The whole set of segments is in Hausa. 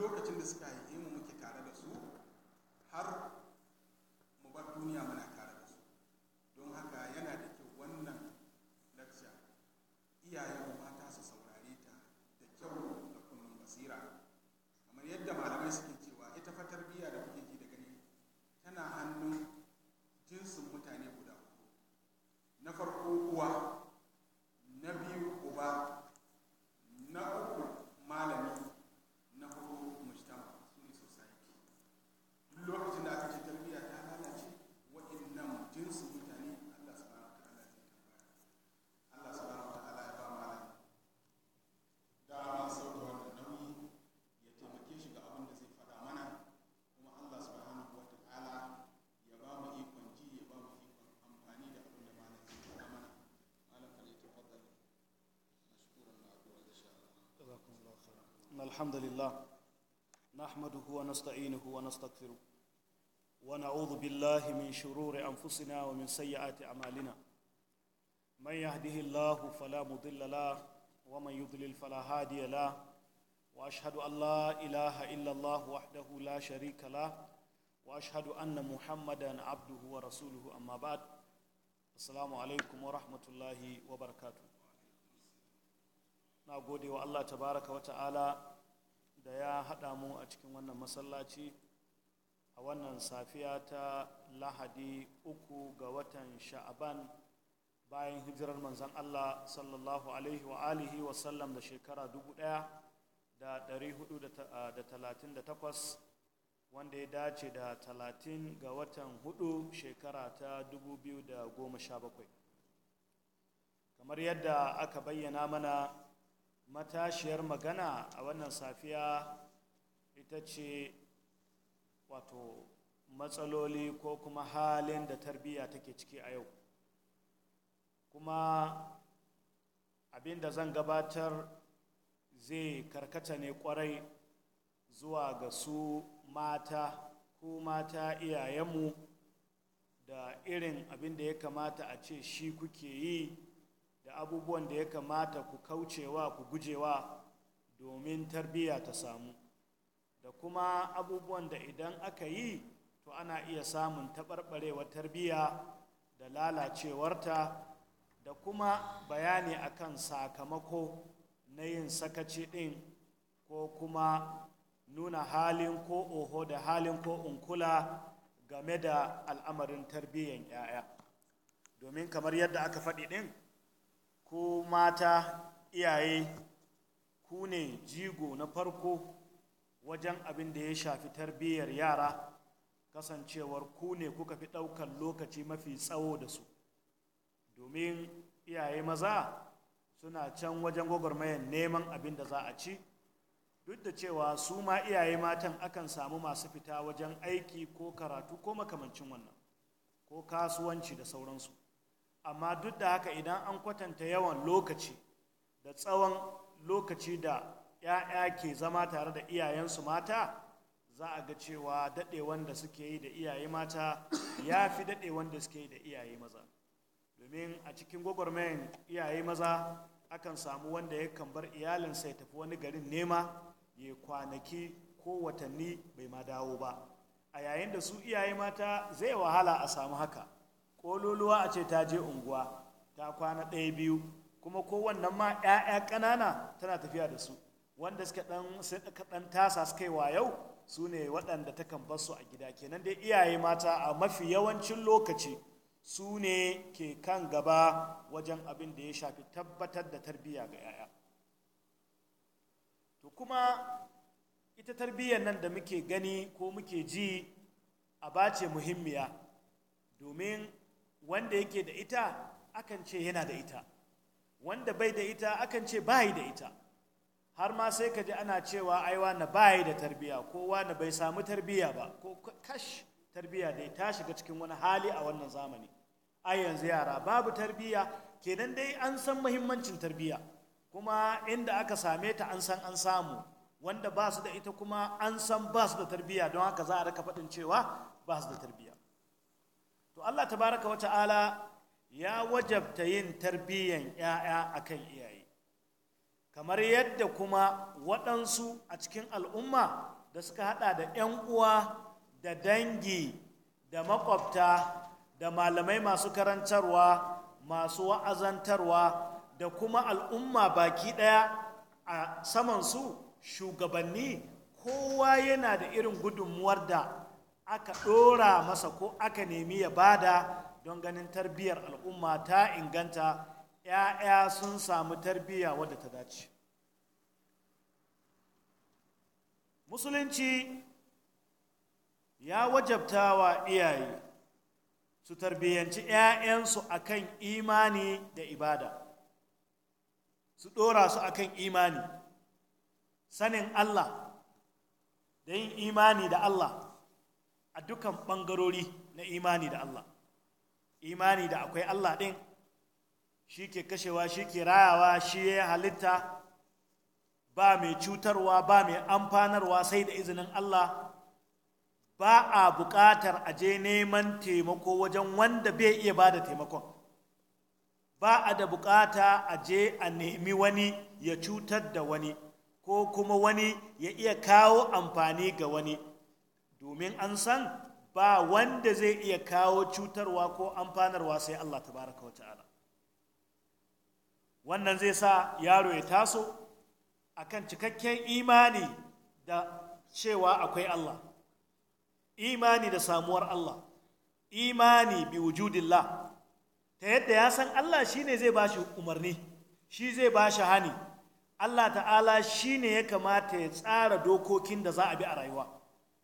look at in the sky الحمد لله نحمده ونستعينه ونستغفره ونعوذ بالله من شرور أنفسنا ومن سيئات أعمالنا من يهده الله فلا مضل له ومن يضلل فلا هادي له وأشهد أن لا إله إلا الله وحده لا شريك له وأشهد أن محمدا عبده ورسوله أما بعد السلام عليكم ورحمة الله وبركاته na gode wa Allah tabaraka wa ta'ala da ya haɗa mu a cikin wannan masallaci a wannan safiya ta lahadi uku ga watan sha'aban bayan hijirar manzan Allah sallallahu alaihi wa alihi wa sallam da shekara dubu ɗaya da ɗari hudu da talatin da takwas wanda ya dace da talatin ga watan hudu shekara ta dubu biyu da goma sha bakwai kamar yadda aka bayyana mana matashiyar magana a wannan safiya ita ce wato matsaloli ko kuma halin da tarbiyya take ciki a yau kuma abin da zan gabatar zai karkata ne kwarai zuwa ga su mata ku mata iyayenmu da irin abin da ya kamata a ce shi kuke yi da abubuwan da ya kamata ku kaucewa ku gujewa domin tarbiyya ta samu da kuma abubuwan da idan aka yi to ana iya samun taɓarɓarewar tarbiyya da lalacewarta da kuma bayani akan sakamako na yin sakaci ɗin ko kuma nuna halin ko oho da halin ko unkula game da al'amarin tarbiyyan 'ya'ya domin kamar yadda aka faɗi ɗin ko mata iyaye ku ne jigo na farko wajen abin da ya shafi tarbiyyar yara kasancewar ku ne kuka fi ɗaukan lokaci mafi tsawo da su domin iyaye maza suna can wajen gwagwarmayar neman abin da za a ci duk da cewa su ma iyaye matan akan samu masu fita wajen aiki ko karatu ko makamancin wannan ko kasuwanci da sauransu amma duk da haka idan an kwatanta yawan lokaci da tsawon lokaci da 'ya'ya ke zama tare da iyayensu mata za a ga cewa daɗewan da suke yi da iyaye mata ya fi daɗewan da suke yi da iyaye maza domin a cikin gwagwarmayan iyaye maza akan samu wanda yakan bar iyalinsa ya tafi wani garin nema ya kwanaki ko watanni bai ma dawo ba a yayin da su iyaye mata zai wahala a samu haka ƙololuwa a ce ta je unguwa ta kwana ɗaya biyu kuma ko wannan ma 'ya'ya ƙanana tana tafiya da su wanda suka ɗan sai ɗan tasa suka wa yau su ne waɗanda ta kan su a gida kenan dai iyaye mata a mafi yawancin lokaci su ne ke kan gaba wajen abin da ya shafi tabbatar da tarbiyya ga 'ya'ya to kuma ita tarbiyyar nan da muke gani ko muke ji a bace muhimmiya domin wanda yake da ita akan ce yana da ita wanda bai da ita akan ce bai da ita har ma sai ka ji ana cewa aiwa na bai da tarbiya ko wani bai samu tarbiya ba ko kash tarbiya dai ta shiga cikin wani hali a wannan zamani ai yanzu yara babu tarbiya kenan dai an san muhimmancin tarbiya kuma inda aka same ta an san an samu wanda basu da ita kuma an san ba da tarbiya don haka za a raka faɗin cewa ba su da tarbiya to Allah tabaraka wa ta'ala ya wajabta yin tarbiyyan ‘ya'ya a kan iyaye kamar yadda kuma waɗansu a cikin al'umma da suka haɗa da ‘yan uwa da dangi da makwabta da malamai masu karantarwa masu wa'azantarwa da kuma al'umma baki ɗaya a samansu shugabanni kowa yana da irin gudunmuwar da aka ɗora masa ko aka nemi ya bada don ganin tarbiyyar al'umma ta inganta ‘ya'ya sun samu tarbiyya wadda ta dace musulunci ya wajabta wa iyaye su tarbiyyanci ‘ya'yansu akan imani da ibada su ɗora su akan imani sanin Allah da yin imani da Allah a dukan ɓangarori na imani da Allah imani da akwai Allah ɗin shi ke kashewa shi ke rayawa shi ya halitta ba mai cutarwa ba mai amfanarwa sai da izinin Allah ba a buƙatar a je neman taimako wajen wanda bai iya ba da taimakon ba a da buƙata a je a nemi wani ya cutar da wani ko kuma wani ya iya kawo amfani ga wani domin an san ba wanda zai iya kawo cutarwa ko amfanarwa sai Allah ta baraka wa ta'ala wannan zai sa yaro ya taso akan cikakken imani da cewa akwai Allah imani da samuwar Allah imani bi wujudillah ta yadda ya san Allah shi ne zai ba shi umarni shi zai ba shi hani Allah ta'ala shi ne ya kamata ya tsara dokokin da za a bi a rayuwa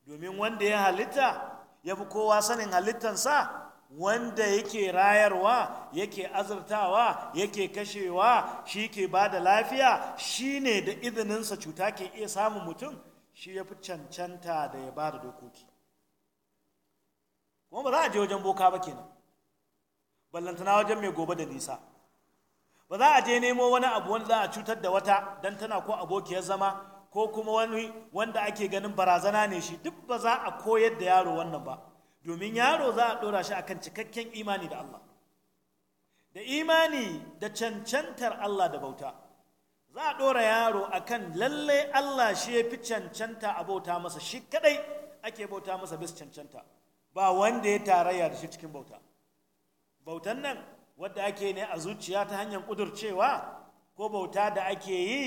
domin wanda ya halitta ya fi kowa sanin halittansa wanda yake rayarwa yake azurtawa yake kashewa shi ke ba da lafiya shi ne da izininsa cuta ke iya samun mutum shi ya fi cancanta da ya ba da dokoki kuma ba za a je wajen boka ba kenan ballantana wajen mai gobe da nisa ba za a je nemo wani abu wanda za a cutar da wata don tana ko abokiyar zama ko kuma wani wanda ake ganin barazana ne shi duk ba za a koyar da yaro wannan ba domin yaro za a ɗora shi akan cikakken imani da Allah da imani da cancantar Allah da bauta za a ɗora yaro akan lalle Allah shi ya fi cancanta a bauta masa shi kadai ake bauta masa bis cancanta ba wanda ya tarayya da shi cikin bauta bautan nan wadda ake ne a zuciya ta hanyar ƙudurcewa ko bauta da ake yi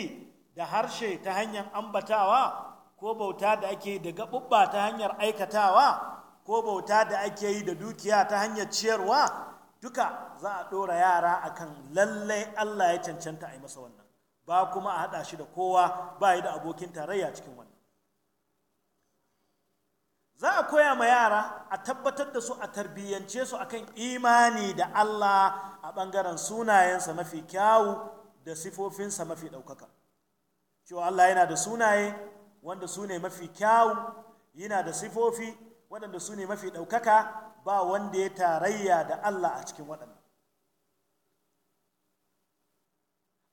da harshe ta hanyar ambatawa ko bauta da ake da gaɓuɓɓa ta hanyar aikatawa ko bauta da ake yi da dukiya ta hanyar ciyarwa duka za a ɗora yara a kan lallai Allah ya cancanta a yi masa wannan ba kuma a haɗa shi da kowa ba yi da abokin tarayya cikin wannan za a koya ma yara a tabbatar da su a tarbiyyance su akan imani da Allah a ɓangaren sunayensa mafi kyawu da sifofinsa mafi ɗaukaka cewa Allah yana da sunaye wanda su ne mafi kyawu yana da sifofi waɗanda su ne mafi ɗaukaka ba wanda ya tarayya da Allah a cikin waɗannan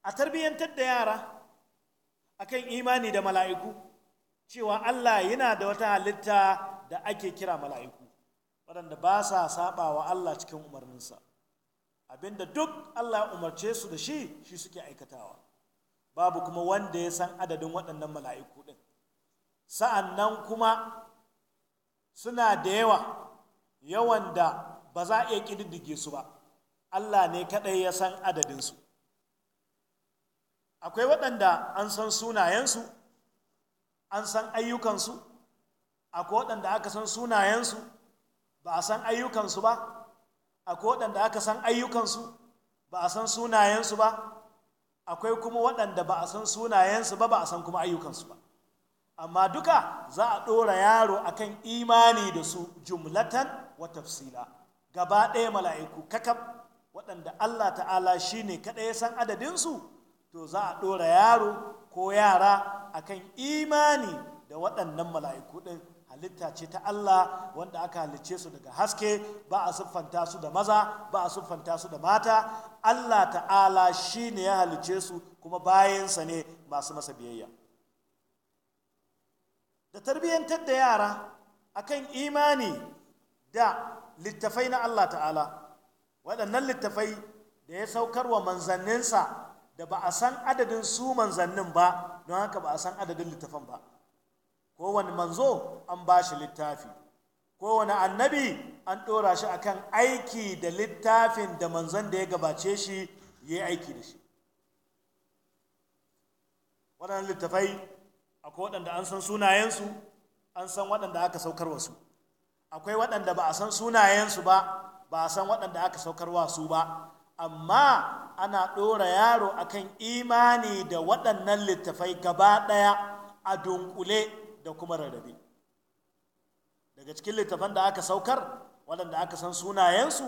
a tarbiyyantar da yara a kan imani da mala'iku cewa Allah yana da wata halitta da ake kira mala'iku waɗanda ba sa saba wa Allah cikin umarninsa abinda duk Allah umarce su da shi shi suke aikatawa babu kuma wanda ya san adadin waɗannan mala'iku ɗin sa'an nan kuma suna da yawa yawan da ba za a iya ƙididdige su ba Allah ne kaɗai ya san adadinsu akwai waɗanda an san sunayensu an san ayyukansu akwai waɗanda aka san sunayensu ba a san ayyukansu ba akwai waɗanda aka san ayyukansu ba a san sunayensu ba akwai kuma waɗanda ba a san sunayensu ba ba a san kuma ayyukansu ba amma duka za a ɗora yaro akan imani da su jumlatan wa tafsila gaba ɗaya mala'iku kakab waɗanda Allah ta'ala shi ne kaɗai ya san adadinsu to za a ɗora yaro ko yara akan imani da waɗannan mala'iku ɗin halitta ce ta Allah wanda aka halicce su daga haske ba a siffanta su da maza ba a siffanta su da mata Allah ta'ala shi ne ya halicce su kuma bayansa ne masu masa biyayya da tarbiyyantar da yara akan imani da littafai na Allah ta'ala waɗannan littafai da ya saukar wa manzanninsa da ba a san adadin su manzannin ba don haka ba a san adadin littafan ba kowane manzo an ba shi littafi kowane annabi an ɗora shi akan aiki da littafin da manzon da ya gabace shi ya yi aiki da shi waɗannan littafai akwai waɗanda an san sunayensu an san waɗanda aka saukar wasu akwai waɗanda ba a san sunayensu ba ba a san waɗanda aka saukar su ba amma ana ɗora yaro akan imani da waɗannan littafai gaba ɗaya a dunkule da kuma rarrabe daga cikin littafan da aka saukar waɗanda aka san sunayensu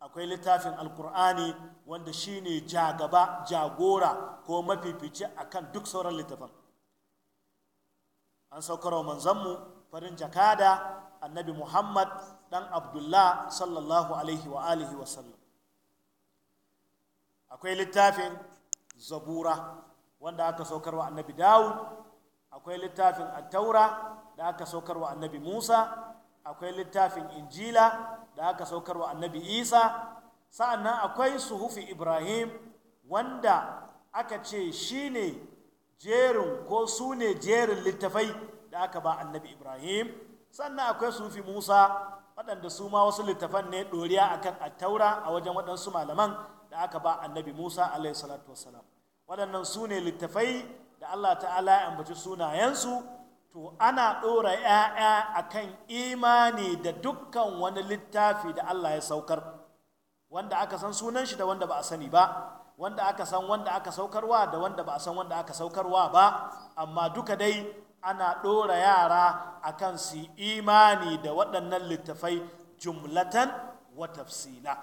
akwai littafin alkur'ani wanda shi ne jagaba jagora ko mafifici kan duk sauran littafan an saukarwa manzanmu farin jakada annabi muhammad dan abdullah sallallahu alaihi wa alihi wa sallam akwai littafin zabura wanda aka saukar wa annabi dawud akwai littafin attaura da aka saukar wa annabi musa akwai littafin injila da aka saukar wa annabi isa sa'annan akwai suhufi ibrahim wanda aka ce shi ne jerin ko su ne jerin littafai da aka ba annabi ibrahim sannan akwai suhufi musa waɗanda su ma wasu littafan ne ɗoriya akan attaura a wajen waɗansu malaman da aka ba annabi musa alaihi salatu wasalam waɗannan su ne littafai da Allah ta'ala ya ambaci sunayensu to ana ɗora ‘ya'ya a kan imani da dukkan wani littafi da Allah ya saukar wanda aka san sunan shi da wanda ba a sani ba wanda aka san wanda aka saukarwa da wanda ba a san wanda aka saukarwa ba amma duka dai ana ɗora yara a kan su imani da waɗannan littafai jumlatan wa tafsila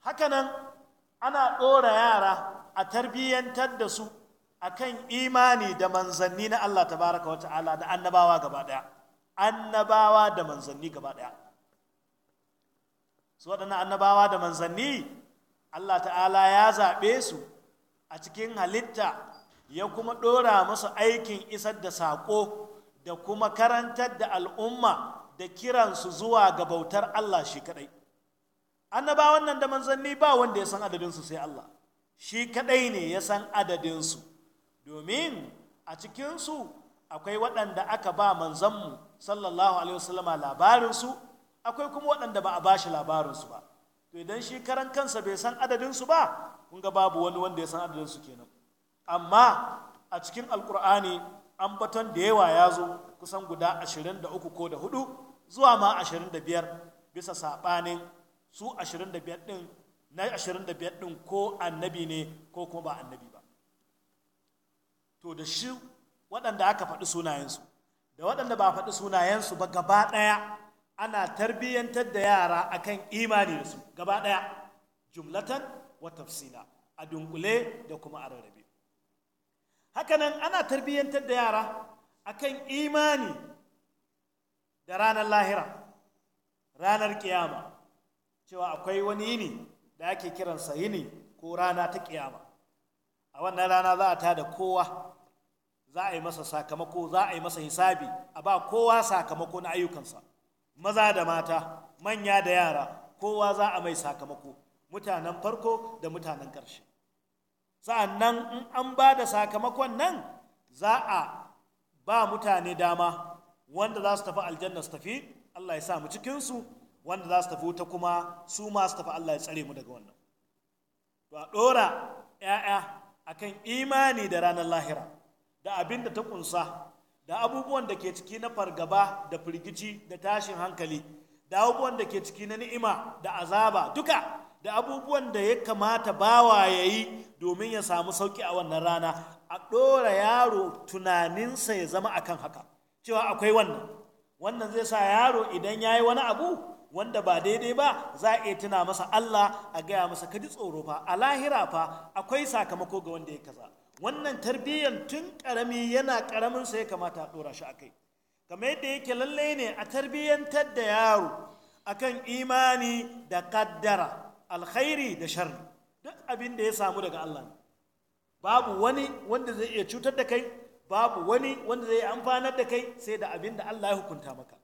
hakanan ana ɗora yara a tarbiyyantar da su akan imani da manzanni na Allah tabaraka wa ta'ala da annabawa gaba daya annabawa da manzanni gaba daya su waɗannan annabawa da manzanni Allah ta'ala ya zaɓe su a cikin halitta ya kuma ɗora musu aikin isar da saƙo da kuma karantar da al'umma da kiransu zuwa ga bautar Allah shi kaɗai annabawan nan da manzanni ba wanda ya san adadinsu sai Allah shi kaɗai ne ya san adadinsu domin a cikinsu akwai waɗanda aka ba manzanmu sallallahu alaihi wasallama labarinsu akwai kuma waɗanda ba a ba shi labarinsu ba to idan shi karan kansa bai san adadinsu ba kun ga babu wani wanda ya san adadinsu kenan amma a cikin alkur'ani an baton da yawa ya zo kusan guda ashirin da uku ko da hudu zuwa ma ashirin da biyar bisa saɓanin su ashirin da biyar ɗin na ashirin da biyar ɗin ko annabi ne ko kuma ba annabi to da shi waɗanda aka faɗi sunayensu da waɗanda ba faɗi sunayensu ba gaba ɗaya ana tarbiyyantar da yara akan imani da su gaba ɗaya jumlatan wa tafsila a dunkule da kuma a rarrabe hakanan ana tarbiyyantar da yara akan imani da ranar lahira ranar kiyama cewa akwai wani yini da ake kiransa yini ko rana ta kiyama a wannan rana za a tada kowa za a yi masa sakamako za a yi masa hisabi a ba kowa sakamako na ayyukansa maza da mata manya da yara kowa za a mai sakamako mutanen farko da mutanen ƙarshe sa'annan in an ba da sakamakon nan za a ba mutane dama wanda za su tafi aljanna su tafi Allah ya sa mu cikinsu wanda za su tafi wuta kuma su ma su tafi Allah ya tsare mu daga wannan to a ɗora ‘ya'ya akan imani da ranar lahira da abin da ta kunsa da abubuwan da ke ciki na fargaba da firgici da tashin hankali da abubuwan da ke ciki na ni'ima da azaba duka da abubuwan da ya kamata bawa ya yi domin ya samu sauki a wannan rana a ɗora yaro tunaninsa ya zama akan haka cewa akwai wannan wannan zai sa yaro idan ya yi wani abu wanda ba daidai ba za a iya tuna masa Allah a gaya masa ka ji tsoro fa a lahira fa akwai sakamako ga wanda ya kaza wannan tarbiyyar tun ƙarami yana karamin sai kamata a dora shi akai kamar yadda yake lalle ne a tarbiyyantar da yaro akan imani da kaddara alkhairi da sharri duk abin da ya samu daga Allah babu wani wanda zai iya cutar da kai babu wani wanda zai amfanar da kai sai da abin da Allah ya hukunta maka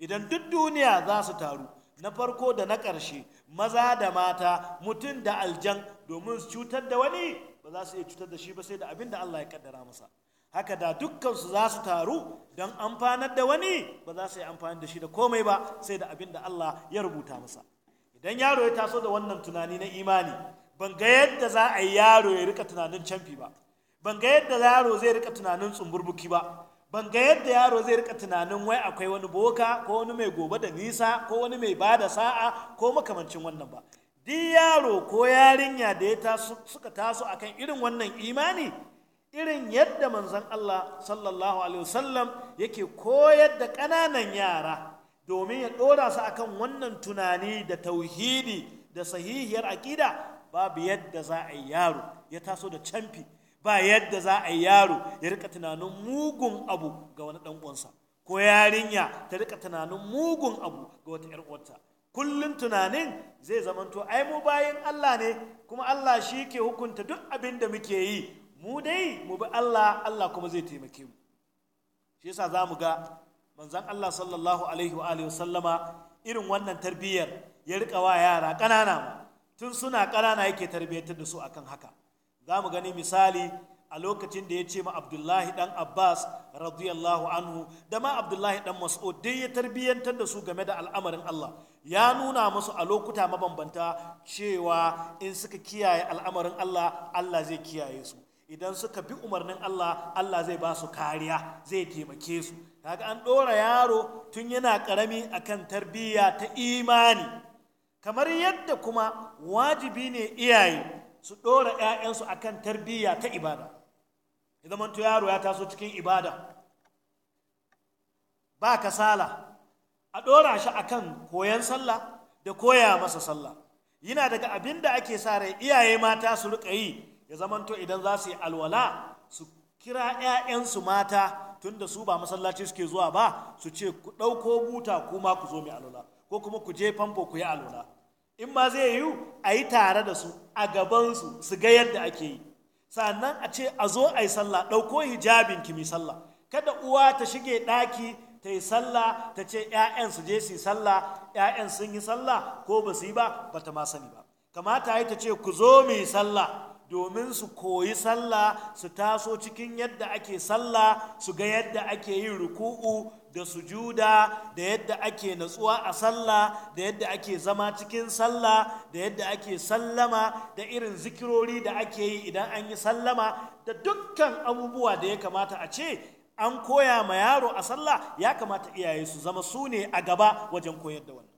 idan duk duniya za su taru na farko da na ƙarshe maza da mata mutum da aljan domin su cutar da wani ba za su iya cutar da shi ba sai da abin da Allah ya kaddara masa haka da dukkansu za su taru don amfanar da wani ba za su yi amfani da shi da komai ba sai da abin da Allah ya rubuta masa idan yaro ya taso da wannan tunani na imani ban ga yadda za a yi yaro ya rika tunanin camfi ba ban ga yadda yaro zai rika tunanin tsumburbuki ba ban ga yadda yaro zai rika tunanin wai akwai wani boka ko wani mai gobe da nisa ko wani mai bada sa'a ko makamancin wannan ba duk yaro ko yarinya da ya suka taso akan irin wannan imani irin yadda manzan Allah sallallahu alaihi wasallam yake koyar da ƙananan yara domin ya ɗora su akan wannan tunani da tauhidi da sahihiyar aƙida babu yadda za a yi yaro ya taso da camfi ba yadda za a yi yaro ya rika tunanin mugun abu ga wani ɗan ko yarinya ta rika tunanin mugun abu ga wata 'yar kullum tunanin zai zamanto ai mu bayan Allah ne kuma Allah shi ke hukunta duk abin da muke yi mu dai mu bi Allah Allah kuma zai taimake mu shi yasa za mu ga manzon Allah sallallahu alaihi wa alihi sallama irin wannan tarbiyyar ya rika wa yara ƙanana tun suna ƙanana yake tarbiyyantar da su akan haka za mu gani misali a lokacin da ya ce ma abdullahi dan abbas radiyallahu anhu da ma abdullahi dan mas'ud dai ya tarbiyyantar da su game da al'amarin allah ya nuna musu a lokuta mabambanta cewa in suka kiyaye al'amarin allah allah zai kiyaye su idan suka bi umarnin allah allah zai ba su kariya zai taimake su kaga an ɗora yaro tun yana karami akan tarbiyya ta imani kamar yadda kuma wajibi ne iyaye su ɗora 'ya'yansu akan tarbiyya ta ibada ya manto yaro ya taso cikin ibada ba kasala a ɗora shi akan koyan sallah da koya masa sallah yana daga abin da ake sa rai iyaye mata su riƙa yi ya zamanto idan za su yi alwala su kira 'ya'yansu mata tunda su ba masallaci suke zuwa ba su ce ku ɗauko buta kuma ku zo mai alwala ko kuma ku je famfo ku yi alwala in ma zai yiwu a yi tare da su a gabansu su ga yadda ake yi sannan a ce a zo a yi sallah ɗauko hijabin ki mai sallah kada uwa ta shige ɗaki ta yi sallah ta ce 'ya'yan su je su yi sallah 'ya'yan sun yi sallah ko ba su yi ba ba ta ma sani ba kamata yi ta ce ku zo mu sallah domin su koyi sallah su taso cikin yadda ake sallah su ga yadda ake yin ruku'u da sujuda da yadda ake natsuwa a sallah da yadda ake zama cikin sallah da yadda ake sallama da irin zikirori da ake yi idan an yi sallama da dukkan abubuwa da ya kamata a ce an koya ma yaro a sallah ya kamata iyaye su zama su ne a gaba wajen koyar da wannan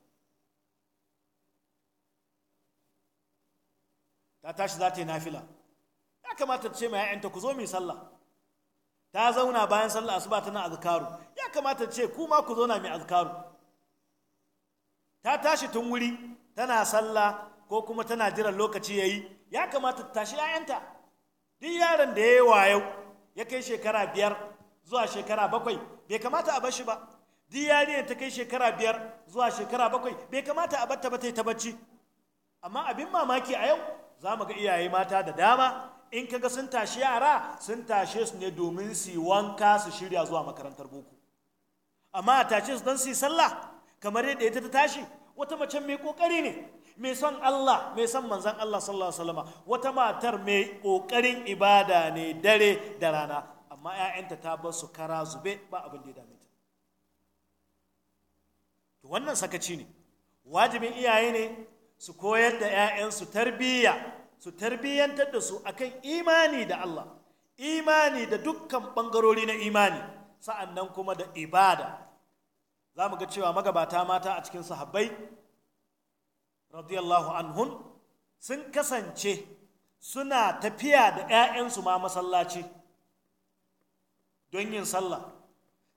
ta tashi za ta yi nafila ya kamata ta ce ma 'ya'yanta ku zo mu yi sallah ta zauna bayan sallar asuba tana azkaru ya kamata ce ku ma ku zauna mai azkaru ta tashi tun wuri tana sallah ko kuma tana jiran lokaci yayi ya kamata ta tashi 'ya'yanta duk yaron da yayi wayo ya kai shekara biyar zuwa shekara bakwai bai kamata a bashi ba duk yariyar ta kai shekara biyar zuwa shekara bakwai bai kamata a batta ba ta yi ta amma abin mamaki a yau za mu ga iyaye mata da dama in kaga sun tashi yara sun tashe su ne domin su yi wanka su shirya zuwa makarantar boko amma a tashe su don su yi sallah kamar yadda ita ta tashi wata mace mai kokari ne mai son Allah mai son manzan Allah sallallahu alaihi wasallam wata matar mai kokarin ibada ne dare da rana amma ƴaƴanta ta bar su kara zube ba abin da ya dame ta to wannan sakaci ne wajibin iyaye ne su koyar da ƴaƴansu tarbiyya su tarbiyyantar da su akan imani da Allah imani da dukkan bangarori na imani sa'annan kuma da ibada za mu ga cewa magabata mata a cikin sahabbai radiyallahu anhun sun kasance suna tafiya da 'ya'yansu ma masallaci don yin sallah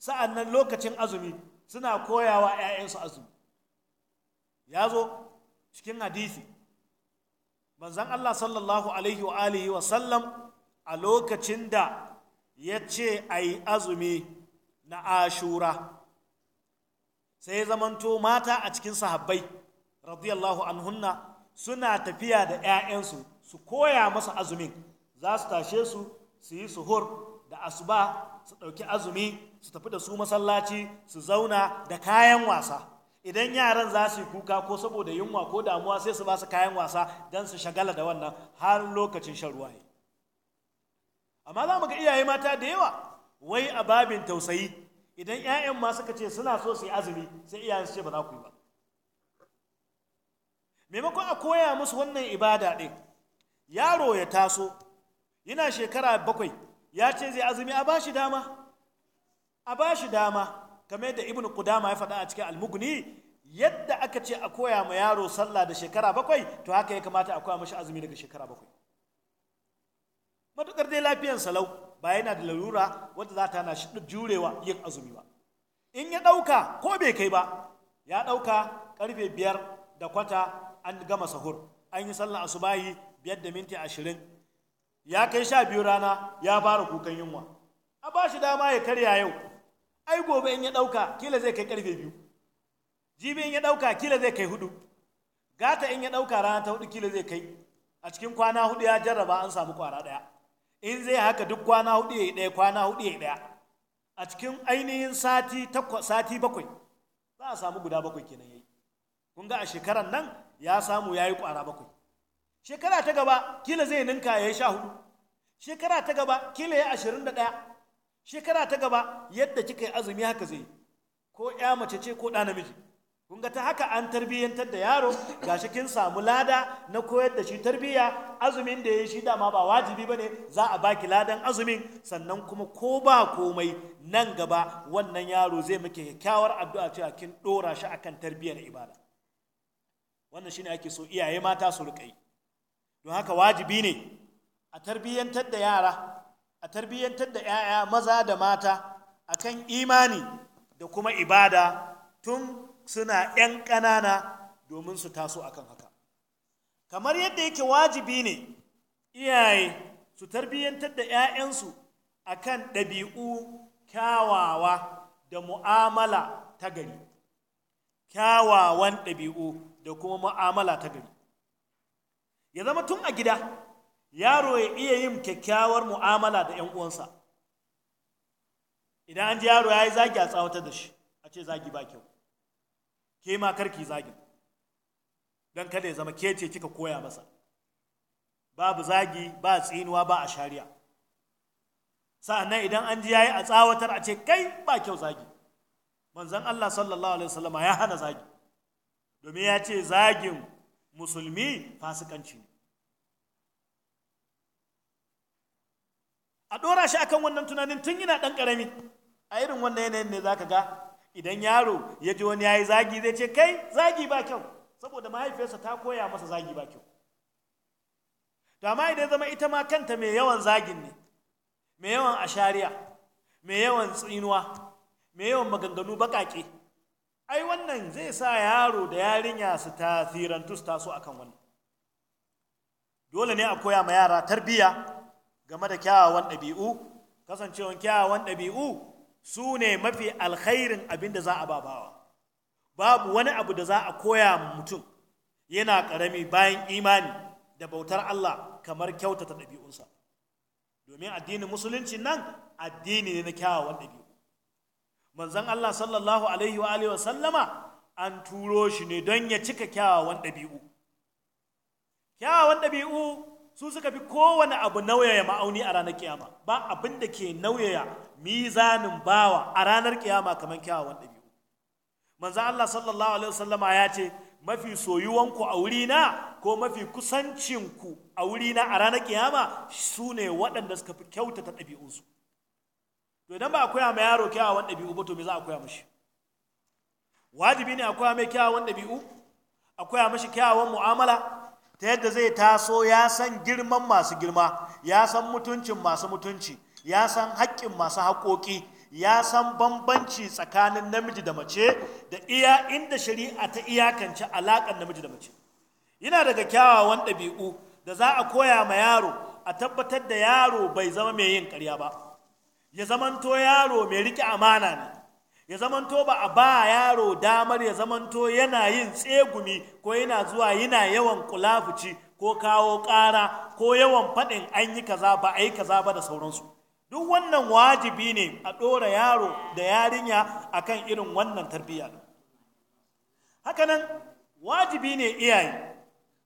sa'annan lokacin azumi suna koyawa 'ya'yansu azumi ya zo cikin hadisi manzan Allah sallallahu alaihi wa alihi wa sallam a lokacin da ya ce a yi azumi na ashura sai zamanto mata a cikin sahabbai radiyallahu anhunna suna tafiya da 'ya'yansu su koya masa azumin za su tashe su su yi suhur da asuba su ɗauki azumi su tafi da su masallaci su zauna da kayan wasa idan yaran za su yi kuka ko saboda yunwa ko damuwa sai su ba su kayan wasa don su shagala da wannan har lokacin shan ruwa yi amma za mu ga iyaye mata da yawa wai a babin tausayi idan 'ya'yan ma suka ce suna so su yi azumi sai iyayen su ce ba za ku yi ba maimakon a koya musu wannan ibada ɗin yaro ya taso yana shekara bakwai ya ce zai azumi a ba shi dama a ba shi dama kamar da ibn qudama ya faɗa a cikin almugni yadda aka ce a koya ma yaro sallah da shekara bakwai to haka ya kamata a koya mashi azumi daga shekara bakwai matukar dai lafiyan salau ba yana da larura wadda za ta nashi shi jurewa yin azumi ba in ya ɗauka ko bai kai ba ya ɗauka ƙarfe biyar da kwata an gama sahur an yi sallah asubahi biyar da minti ashirin ya kai sha biyu rana ya fara kukan yunwa a ba shi dama ya karya yau ai gobe in ya ɗauka kila zai kai karfe biyu jibi in ya ɗauka kila zai kai hudu gata in ya ɗauka rana ta hudu kila zai kai a cikin kwana hudu ya jarraba an samu kwara ɗaya in zai haka duk kwana hudu ya yi ɗaya kwana hudu ya yi ɗaya a cikin ainihin sati sati bakwai za a samu guda bakwai kenan yayi kun ga a shekarar nan ya samu ya yi kwara bakwai shekara ta gaba kila zai ninka ya yi sha hudu shekara ta gaba kila ya ashirin da ɗaya shekara ta gaba yadda kika yi azumi haka zai ko ya mace ce ko ɗa namiji kun ga ta haka an tarbiyyantar da yaro ga shi kin samu lada na koyar da shi tarbiyya azumin da ya shi dama ba wajibi ba ne za a baki ladan azumin sannan kuma ko ba komai nan gaba wannan yaro zai muke kyakkyawar addu'a cewa kin ɗora shi akan tarbiyyar ibada wannan shine ake so iyaye mata su riƙa yi don haka wajibi ne a tarbiyyantar da yara a tarbiyyantar da 'ya'ya maza da mata akan imani da kuma ibada tun suna 'yan ƙanana domin su taso akan haka kamar yadda yake wajibi ne iyaye su tarbiyyantar da 'ya'yansu akan ɗabi'u kyawawa da mu'amala ta gari kyawawan ɗabi'u da kuma mu'amala ta gari ya zama tun a gida yaro ya iya yin kyakkyawar mu'amala da 'yan uwansa idan an ji yaro ya yi zagi a tsawatar da shi a ce zagi ba kyau ke ma karki zagin don kada ya zama ke kika koya masa babu zagi ba tsinuwa ba a shari'a sa'annan idan an ji ya yi a tsawatar a ce kai ba kyau zagi manzan Allah sallallahu alaihi wasallama ya hana zagi domin ya ce zagin musulmi fasikanci ne a ɗora shi akan wannan tunanin tun yana ɗan ƙarami a irin wannan yanayin ne za ka ga idan yaro ya ji wani ya yi zagi zai ce kai zagi ba kyau saboda mahaifiyarsa ta koya masa zagi ba kyau to ma idan zama ita ma kanta mai yawan zagin ne mai yawan ashariya mai yawan tsinuwa mai yawan maganganu baƙaƙe ai wannan zai sa yaro da yarinya su tasirantu su taso akan wannan dole ne a koya ma yara tarbiyya game da kyawawan ɗabi'u kasancewan kyawawan ɗabi'u su ne mafi alkhairin abin da za a babawa babu wani abu da za a koya mutum yana ƙarami bayan imani da bautar Allah kamar kyautata ɗabi'unsa domin addinin musulunci nan addini ne na kyawawan ɗabi'u manzon Allah sallallahu alaihi wa sallama an turo shi ne don ya cika kyawawan ɗabi'u kyawawan ɗabi'u su suka fi kowane abu nauyaya ma'auni a ranar kiyama ba abin da ke nauyaya mizanin bawa a ranar kiyama kamar kyawawan ɗabi'u manzo Allah sallallahu alaihi wasallama ya ce mafi soyuwanku a wurina ko mafi kusancinku a wurina a ranar kiyama su ne waɗanda suka fi kyautata ɗabi'unsu to idan ba a koya ma yaro kyawawan ɗabi'u ba to me za a koya mashi wajibi ne a koya mai kyawawan ɗabi'u a koya mashi kyawawan mu'amala ta yadda zai taso ya san girman masu girma ya san mutuncin masu mutunci ya san haƙƙin masu haƙoƙi ya san bambanci tsakanin namiji da mace da iya inda shari'a ta iyakance alaƙar namiji da mace yana daga kyawawan ɗabi'u da za a koya ma yaro a tabbatar da yaro bai zama mai yin ƙarya ba ya zamanto yaro mai riƙe amana ne ya zamanto ba a ba yaro damar ya zamanto yana yin tsegumi ko yana zuwa yana yawan kulafuci ko kawo ƙara ko yawan faɗin an yi kaza ba a yi kaza ba da sauransu duk wannan wajibi ne a ɗora yaro da yarinya a kan irin wannan tarbiyya hakanan wajibi ne iyaye